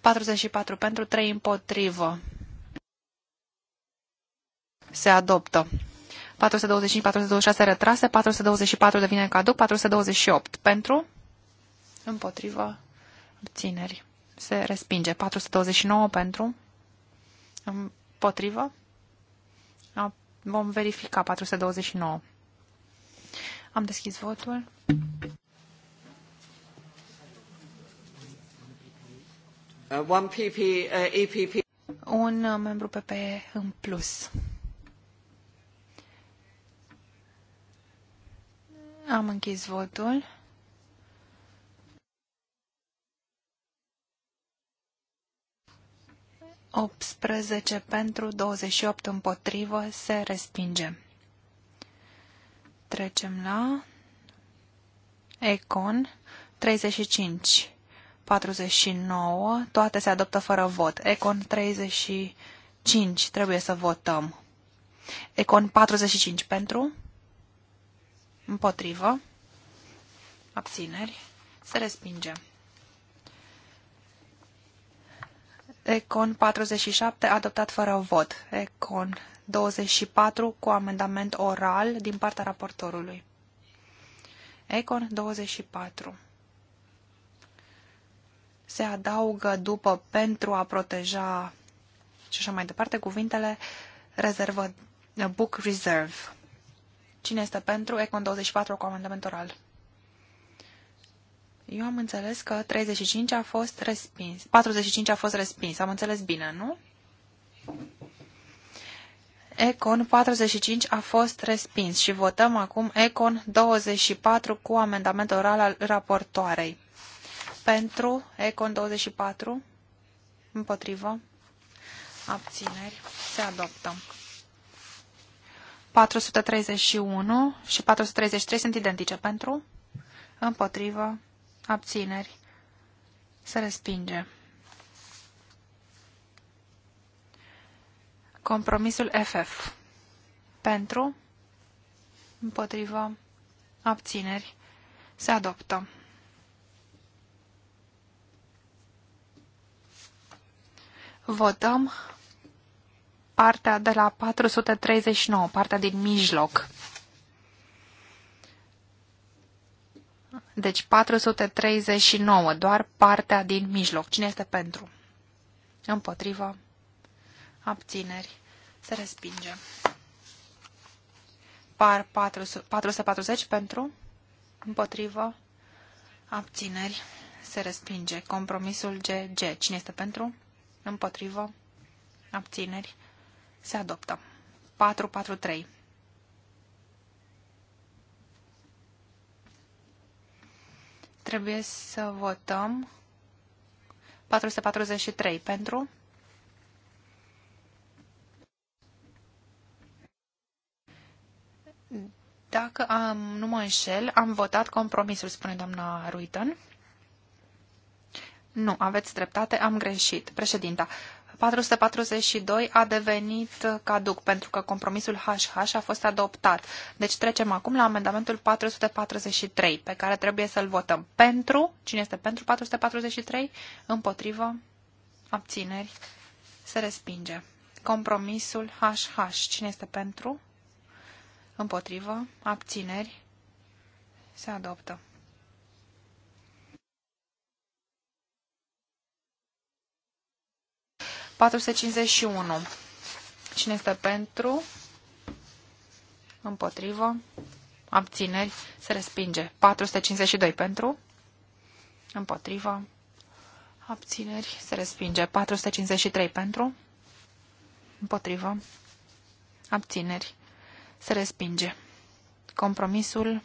44 pentru, 3 împotrivă. Se adoptă. 425, 426 retrase, 424 devine caduc, 428 pentru, împotrivă, obțineri. Se respinge. 429 pentru, împotrivă. Vom verifica 429. Am deschis votul. Uh, one PP, EPP. Uh, Un uh, membru PP în plus. Am închis votul. Optsprezece pentru, 28 împotrivă, se respinge. Trecem la Econ 35. 49, toate se adoptă fără vot. Econ 35, trebuie să votăm. Econ 45 pentru, împotrivă, abțineri, se respinge. Econ 47, adoptat fără vot. Econ 24, cu amendament oral din partea raportorului. Econ 24 se adaugă după pentru a proteja și așa mai departe cuvintele rezervă, uh, book reserve. Cine este pentru? Econ 24 cu amendament oral. Eu am înțeles că 35 a fost respins. 45 a fost respins. Am înțeles bine, nu? Econ 45 a fost respins și votăm acum Econ 24 cu amendament oral al raportoarei. Pentru Econ 24. Împotrivă. Abțineri. Se adoptă. 431 și 433 sunt identice pentru, împotrivă, abțineri, se respinge. Compromisul FF. Pentru, împotrivă, abțineri, se adoptă. Votăm partea de la 439, partea din mijloc. Deci 439, doar partea din mijloc. Cine este pentru? Împotrivă. Abțineri. Se respinge. Par 440 pentru. Împotrivă. Abțineri. Se respinge. Compromisul GG. Cine este pentru? împotrivă, abțineri, se adoptă. 443. Trebuie să votăm 443 pentru Dacă am, nu mă înșel, am votat compromisul, spune doamna Ruiton. Nu, aveți dreptate, am greșit. Președinta, 442 a devenit caduc pentru că compromisul HH a fost adoptat. Deci trecem acum la amendamentul 443 pe care trebuie să-l votăm. Pentru, cine este pentru 443? Împotrivă? Abțineri? Se respinge. Compromisul HH. Cine este pentru? Împotrivă? Abțineri? Se adoptă. 451. Cine este pentru? Împotrivă. Abțineri. Se respinge. 452 pentru. Împotrivă. Abțineri. Se respinge. 453 pentru. Împotrivă. Abțineri. Se respinge. Compromisul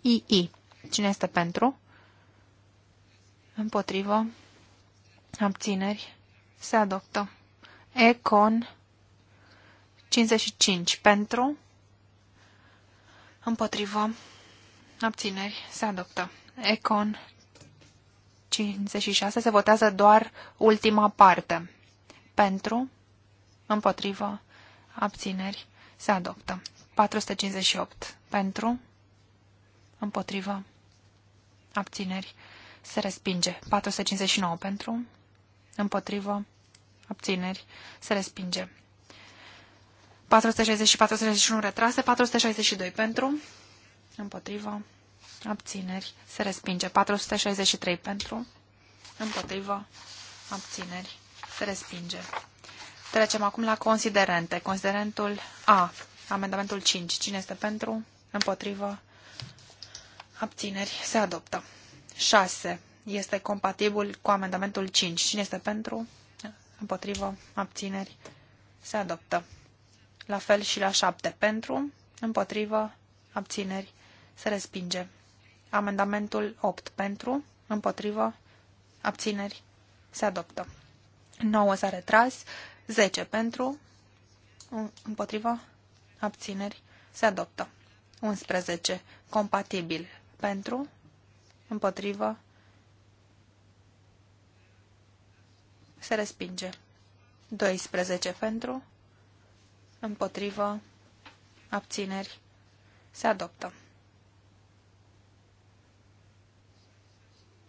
II. Cine este pentru? Împotrivă. Abțineri. Se adoptă. Econ 55 pentru. Împotrivă. Abțineri. Se adoptă. Econ 56. Se votează doar ultima parte. Pentru. Împotrivă. Abțineri. Se adoptă. 458. Pentru. Împotrivă. Abțineri. Se respinge. 459 pentru. Împotrivă abțineri, se respinge. 460 și 461 retrase, 462 pentru, împotrivă, abțineri, se respinge. 463 pentru, împotrivă, abțineri, se respinge. Trecem acum la considerente. Considerentul A, amendamentul 5. Cine este pentru, împotrivă, abțineri, se adoptă. 6. Este compatibil cu amendamentul 5. Cine este pentru? împotrivă, abțineri, se adoptă. La fel și la șapte, pentru, împotrivă, abțineri, se respinge. Amendamentul 8 pentru, împotrivă, abțineri, se adoptă. 9 s-a retras, 10 pentru, împotrivă, abțineri, se adoptă. 11. Compatibil pentru, împotrivă, se respinge. 12 pentru, împotrivă, abțineri, se adoptă.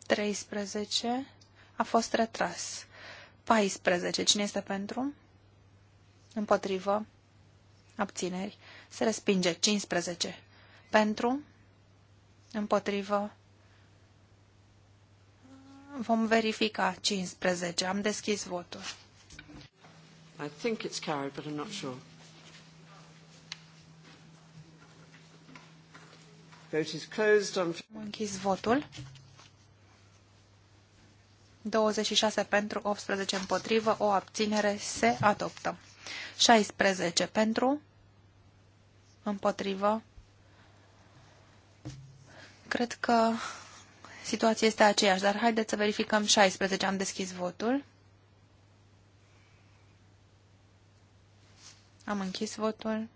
13 a fost retras. 14. Cine este pentru? Împotrivă. Abțineri. Se respinge. 15. Pentru. Împotrivă. Vom verifica 15. Am deschis votul. I think it's carried, but I'm not sure. Vote is closed on... Am închis votul. 26 pentru, 18 împotrivă, o abținere se adoptă. 16 pentru, împotrivă. Cred că situația este aceeași, dar haideți să verificăm 16. Am deschis votul. Am închis votul.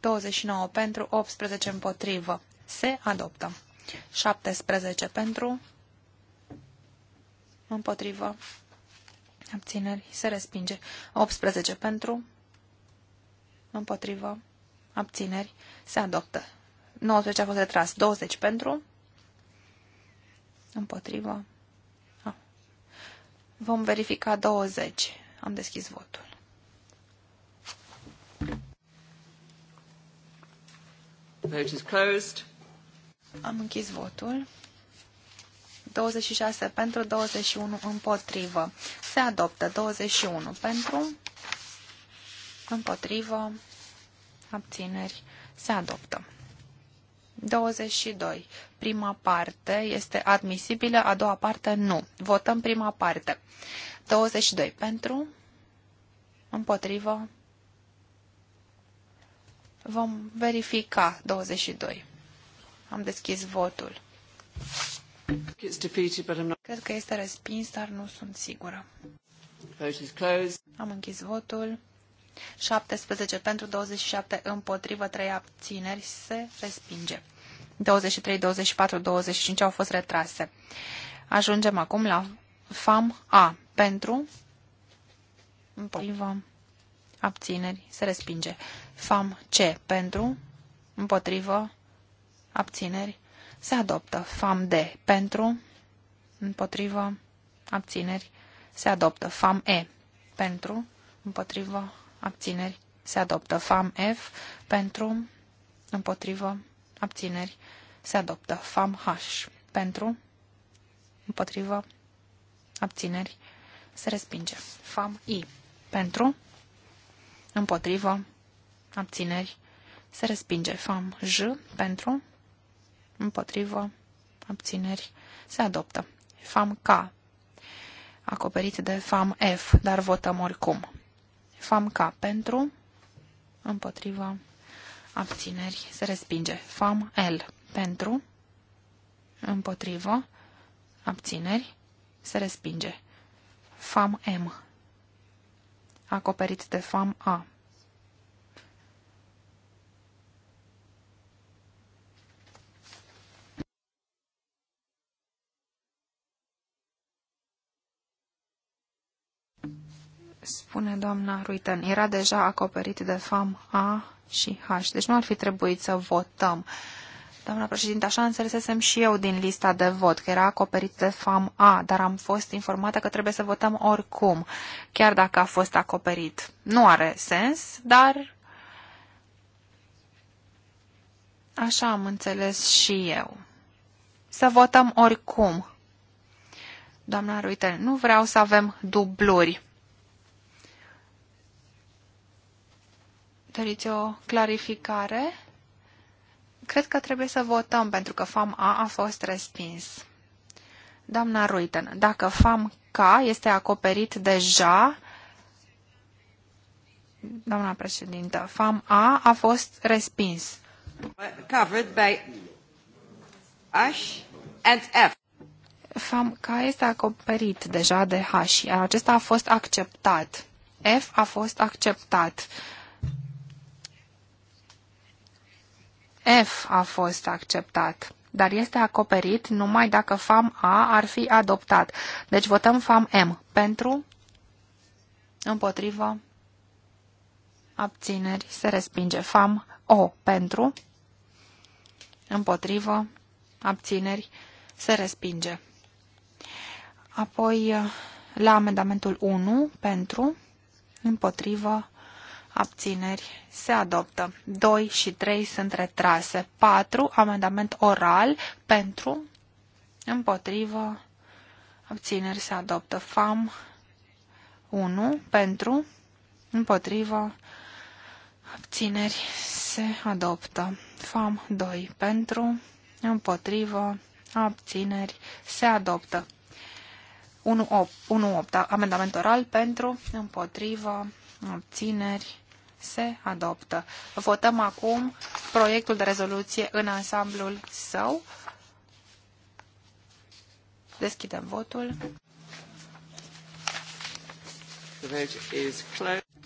29 pentru, 18 împotrivă. Se adoptă. 17 pentru, împotrivă, abțineri, se respinge. 18 pentru, împotrivă, abțineri, se adoptă. 19 a fost retras. 20 pentru. Împotrivă. Ah. Vom verifica 20. Am deschis votul. Vote is closed. Am închis votul. 26 pentru, 21 împotrivă. Se adoptă 21 pentru, împotrivă, abțineri, se adoptă. 22. Prima parte este admisibilă, a doua parte nu. Votăm prima parte. 22. Pentru, împotrivă, vom verifica 22. Am deschis votul. Cred că este respins, dar nu sunt sigură. Am închis votul. 17 pentru 27 împotrivă, 3 abțineri se respinge. 23, 24, 25 au fost retrase. Ajungem acum la FAM A. Pentru împotrivă, abțineri se respinge. FAM C. Pentru împotrivă, abțineri se adoptă. FAM D. Pentru împotrivă, abțineri se adoptă. FAM E. Pentru împotrivă, abțineri, se adoptă. FAM F pentru, împotrivă, abțineri, se adoptă. FAM H pentru, împotrivă, abțineri, se respinge. FAM I pentru, împotrivă, abțineri, se respinge. FAM J pentru, împotrivă, abțineri, se adoptă. FAM K acoperit de FAM F, dar votăm oricum. FAMK pentru, împotriva, abțineri, se respinge. FAM L pentru, împotriva, abțineri, se respinge. FAM M acoperit de FAM A spune doamna Ruiten, era deja acoperit de FAM A și H, deci nu ar fi trebuit să votăm. Doamna președinte, așa înțelesesem și eu din lista de vot, că era acoperit de FAM A, dar am fost informată că trebuie să votăm oricum, chiar dacă a fost acoperit. Nu are sens, dar așa am înțeles și eu. Să votăm oricum. Doamna Ruiten, nu vreau să avem dubluri. doriți o clarificare? Cred că trebuie să votăm, pentru că FAM A a fost respins. Doamna Ruiten, dacă FAM K este acoperit deja, doamna președintă, FAM A a fost respins. Covered by H and F. FAM K este acoperit deja de H, acesta a fost acceptat. F a fost acceptat. F a fost acceptat, dar este acoperit numai dacă FAM A ar fi adoptat. Deci votăm FAM M. Pentru? Împotrivă? Abțineri. Se respinge. FAM O. Pentru? Împotrivă? Abțineri. Se respinge. Apoi, la amendamentul 1, pentru, împotrivă, abțineri, se adoptă. 2 și 3 sunt retrase. 4, amendament oral, pentru, împotrivă, abțineri, se adoptă. FAM 1, pentru, împotrivă, abțineri, se adoptă. FAM 2, pentru, împotrivă, abțineri, se adoptă. 1.8. Amendament oral pentru, împotrivă, obțineri, se adoptă. Votăm acum proiectul de rezoluție în ansamblul său. Deschidem votul.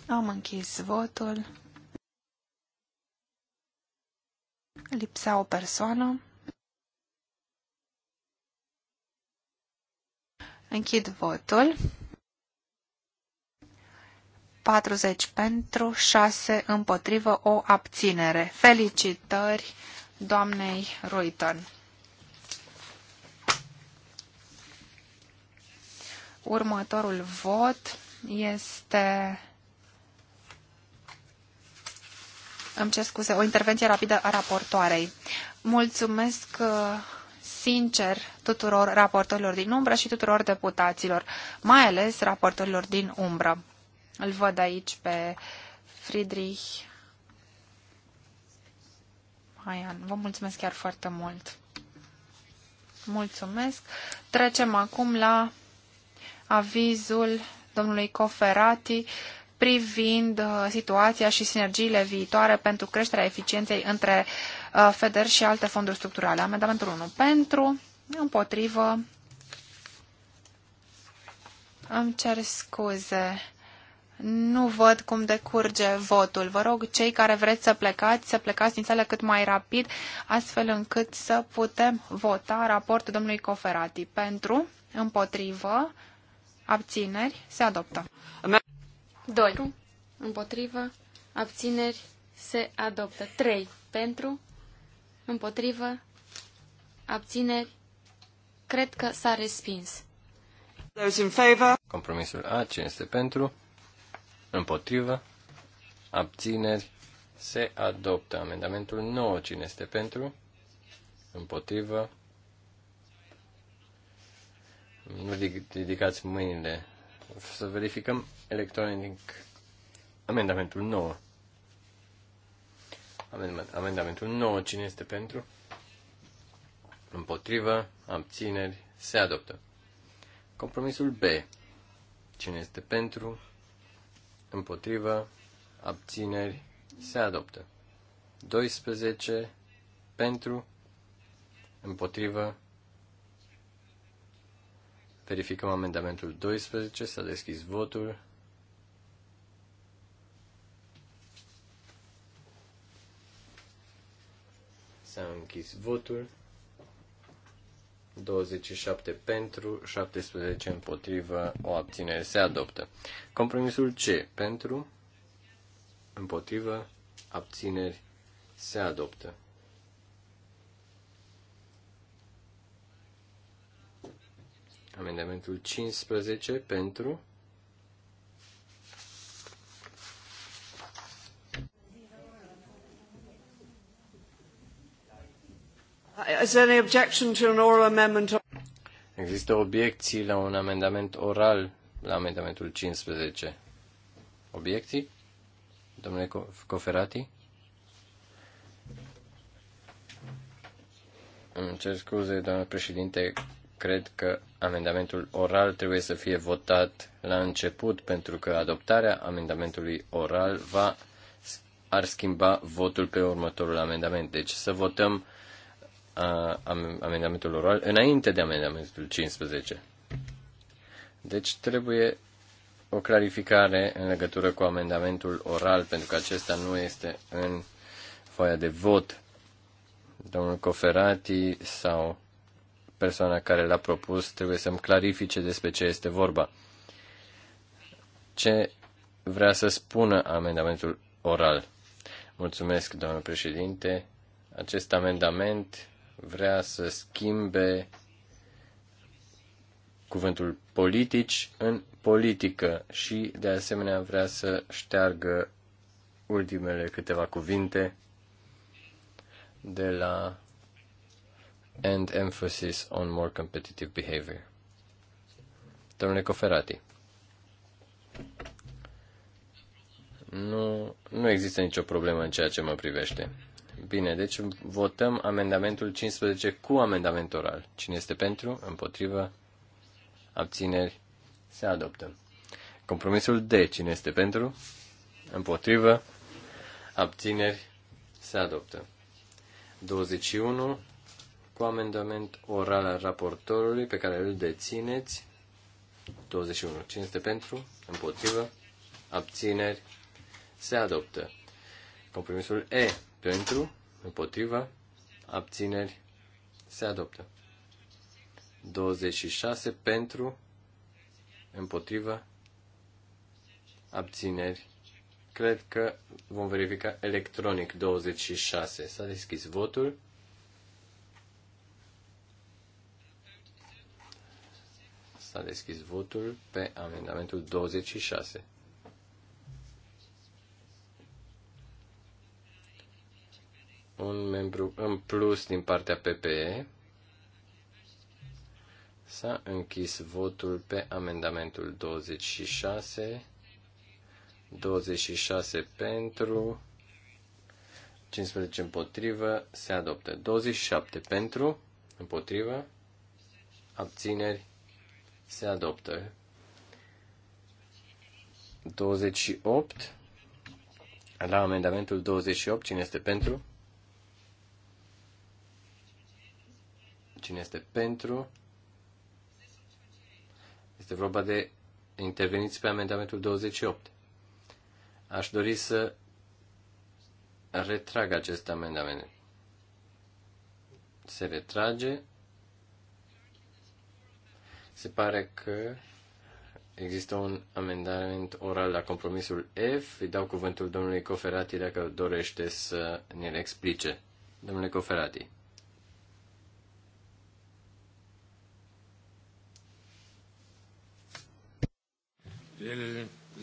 Am închis votul. Lipsa o persoană. Închid votul. 40 pentru, 6 împotrivă, o abținere. Felicitări doamnei Ruiton. Următorul vot este... Îmi cer scuze, o intervenție rapidă a raportoarei. Mulțumesc uh, sincer tuturor raportorilor din umbră și tuturor deputaților, mai ales raportorilor din umbră. Îl văd aici pe Friedrich Haian. Vă mulțumesc chiar foarte mult. Mulțumesc. Trecem acum la avizul domnului Coferati privind uh, situația și sinergiile viitoare pentru creșterea eficienței între uh, FEDER și alte fonduri structurale. Amendamentul 1 pentru, împotrivă, îmi cer scuze. Nu văd cum decurge votul. Vă rog, cei care vreți să plecați, să plecați din sală cât mai rapid, astfel încât să putem vota raportul domnului Coferati. Pentru, împotrivă, abțineri, se adoptă. 2. Împotrivă, abțineri, se adoptă. 3. Pentru, împotrivă, abțineri, cred că s-a respins. Compromisul A, cine este pentru? Împotrivă. Abțineri. Se adoptă amendamentul 9. Cine este pentru? Împotrivă. Nu ridicați mâinile. Să verificăm electronic amendamentul 9. Amendamentul 9. Cine este pentru? Împotrivă. Abțineri. Se adoptă. Compromisul B. Cine este pentru? împotrivă, abțineri, se adoptă. 12 pentru, împotrivă, verificăm amendamentul 12, s-a deschis votul. S-a închis votul. 27 pentru, 17 împotrivă, o abținere se adoptă. Compromisul C pentru, împotrivă, abțineri se adoptă. Amendamentul 15 pentru, Uh, is there any objection to an oral amendment? Există obiecții la un amendament oral la amendamentul 15. Obiecții? Domnule Coferati? Îmi cer scuze, doamnă președinte, cred că amendamentul oral trebuie să fie votat la început, pentru că adoptarea amendamentului oral va, ar schimba votul pe următorul amendament. Deci să votăm amendamentul oral înainte de amendamentul 15. Deci trebuie o clarificare în legătură cu amendamentul oral, pentru că acesta nu este în foaia de vot. Domnul Coferati sau persoana care l-a propus trebuie să-mi clarifice despre ce este vorba. Ce vrea să spună amendamentul oral? Mulțumesc, domnul președinte. Acest amendament vrea să schimbe cuvântul politici în politică și, de asemenea, vrea să șteargă ultimele câteva cuvinte de la and emphasis on more competitive behavior. Domnule Coferati, nu, nu există nicio problemă în ceea ce mă privește. Bine, deci votăm amendamentul 15 cu amendament oral. Cine este pentru? Împotrivă? Abțineri? Se adoptă. Compromisul D. Cine este pentru? Împotrivă? Abțineri? Se adoptă. 21. Cu amendament oral al raportorului pe care îl dețineți. 21. Cine este pentru? Împotrivă? Abțineri? Se adoptă. Compromisul E. Pentru, împotriva, abțineri, se adoptă. 26 pentru, împotriva, abțineri. Cred că vom verifica electronic 26. S-a deschis votul. S-a deschis votul pe amendamentul 26. un membru în plus din partea PPE. S-a închis votul pe amendamentul 26. 26 pentru, 15 împotrivă, se adoptă. 27 pentru, împotrivă, abțineri, se adoptă. 28, la amendamentul 28, cine este pentru? Cine este pentru? Este vorba de interveniți pe amendamentul 28. Aș dori să retrag acest amendament. Se retrage. Se pare că există un amendament oral la compromisul F. Îi dau cuvântul domnului Coferati dacă dorește să ne-l explice. Domnule Coferati.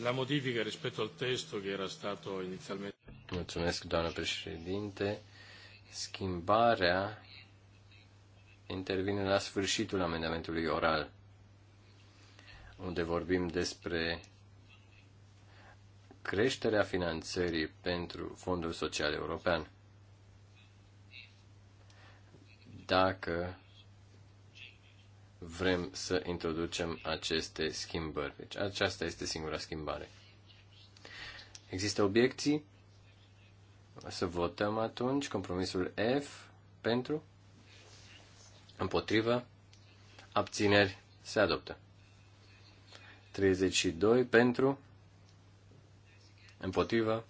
la modifica rispetto al testo che era stato inizialmente. Mulțumesc, doamnă președinte. Schimbarea intervine la sfârșitul amendamentului oral, unde vorbim despre creșterea finanțării pentru Fondul Social European. Dacă vrem să introducem aceste schimbări. Deci aceasta este singura schimbare. Există obiecții? O să votăm atunci compromisul F pentru, împotrivă, abțineri, se adoptă. 32 pentru, împotrivă,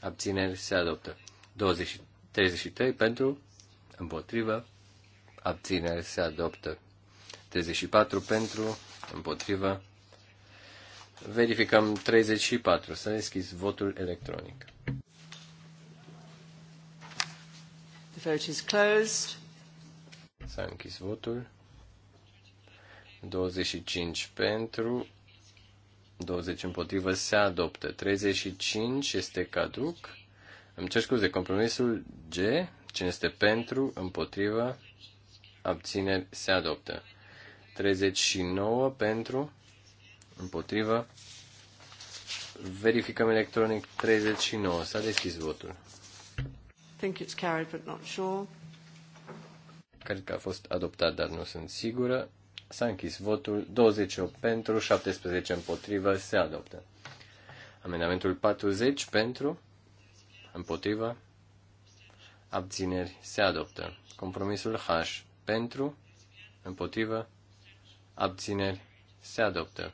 abțineri, se adoptă. 20, 33 pentru, împotrivă, abțineri se adoptă. 34 pentru, împotrivă. Verificăm 34. Să deschizi votul electronic. The vote is closed. S-a închis votul. 25 pentru, 20 împotrivă se adoptă. 35 este caduc. Îmi cer scuze, compromisul G, cine este pentru, împotrivă, abțineri se adoptă. 39 pentru, împotrivă, verificăm electronic 39. S-a deschis votul. Think it's carried, but not sure. Cred că a fost adoptat, dar nu sunt sigură. S-a închis votul. 28 pentru, 17 împotrivă, se adoptă. Amendamentul 40 pentru, împotrivă, abțineri, se adoptă. Compromisul H pentru, împotrivă, abțineri, se adoptă.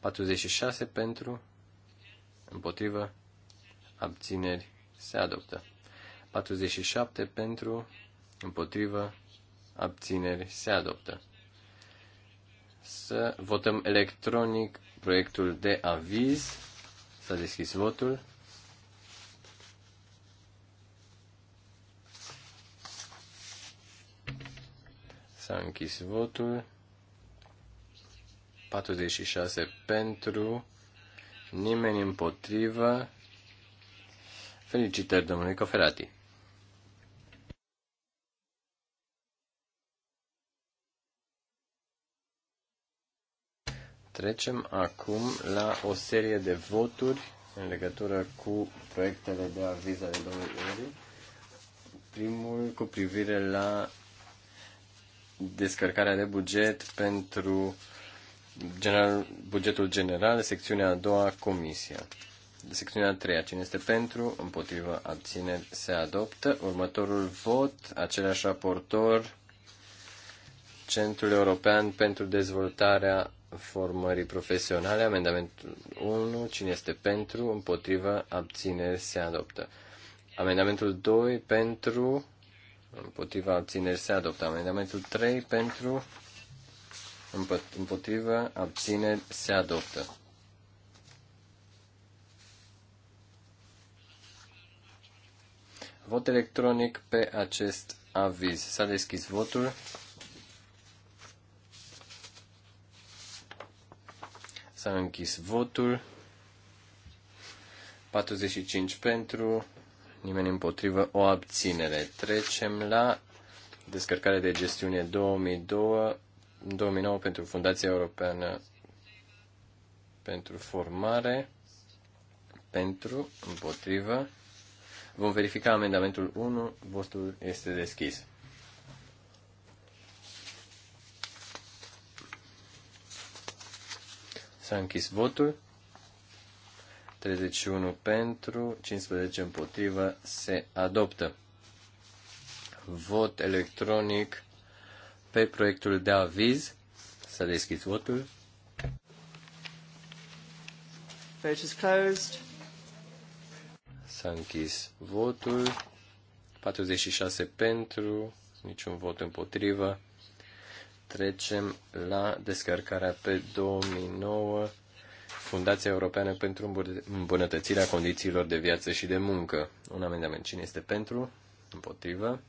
46 pentru, împotrivă, abțineri, se adoptă. 47 pentru, împotrivă, abțineri, se adoptă. Să votăm electronic proiectul de aviz. S-a deschis votul. S-a închis votul. 46 pentru, nimeni împotrivă. Felicitări, domnule Coferati. Trecem acum la o serie de voturi în legătură cu proiectele de aviz ale domnului Uri. Primul cu privire la descărcarea de buget pentru general, bugetul general, secțiunea a doua, comisia. Secțiunea a treia, cine este pentru, împotrivă, abține, se adoptă. Următorul vot, același raportor, Centrul European pentru Dezvoltarea Formării Profesionale, amendamentul 1, cine este pentru, împotrivă, abține, se adoptă. Amendamentul 2, pentru, împotriva abținerii se adoptă. Amendamentul 3 pentru împotriva abțineri se adoptă. Vot electronic pe acest aviz. S-a deschis votul. S-a închis votul. 45 pentru, nimeni împotrivă, o abținere. Trecem la descărcare de gestiune 2002, 2009 pentru Fundația Europeană pentru Formare, pentru, împotrivă. Vom verifica amendamentul 1, votul este deschis. S-a închis votul. 31 pentru, 15 împotrivă, se adoptă. Vot electronic pe proiectul de aviz. să deschid votul. Vote is closed. S-a închis votul. 46 pentru, niciun vot împotrivă. Trecem la descărcarea pe 2009 Fundația Europeană pentru îmbunătățirea condițiilor de viață și de muncă. Un amendament. Cine este pentru? Împotrivă.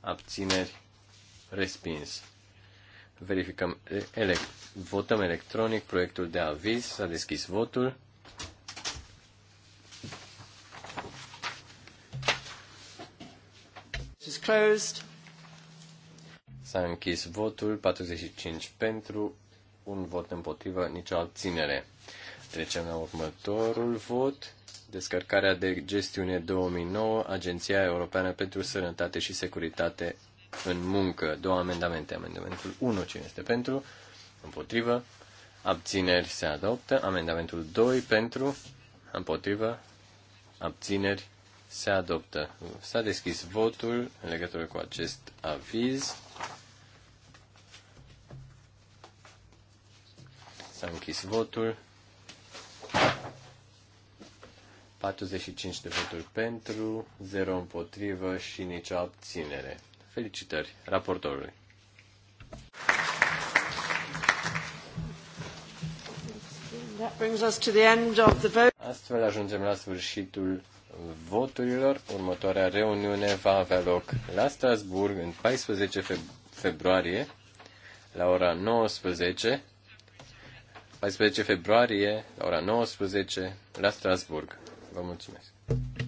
Abțineri. Respins. Verificăm. Ele... votăm electronic proiectul de aviz. S-a deschis votul. S-a închis votul. 45 pentru, un vot împotrivă, nicio abținere. Trecem la următorul vot. Descărcarea de gestiune 2009, Agenția Europeană pentru Sănătate și Securitate în muncă. Două amendamente. Amendamentul 1, cine este pentru? Împotrivă. Abțineri se adoptă. Amendamentul 2, pentru? Împotrivă. Abțineri se adoptă. S-a deschis votul în legătură cu acest aviz. S-a închis votul. 45 de voturi pentru, 0 împotrivă și nicio abținere. Felicitări raportorului. Astfel ajungem la sfârșitul voturilor. Următoarea reuniune va avea loc la Strasburg în 14 februarie la ora 19 14 februarie, la ora 19, la Strasburg. Vă mulțumesc!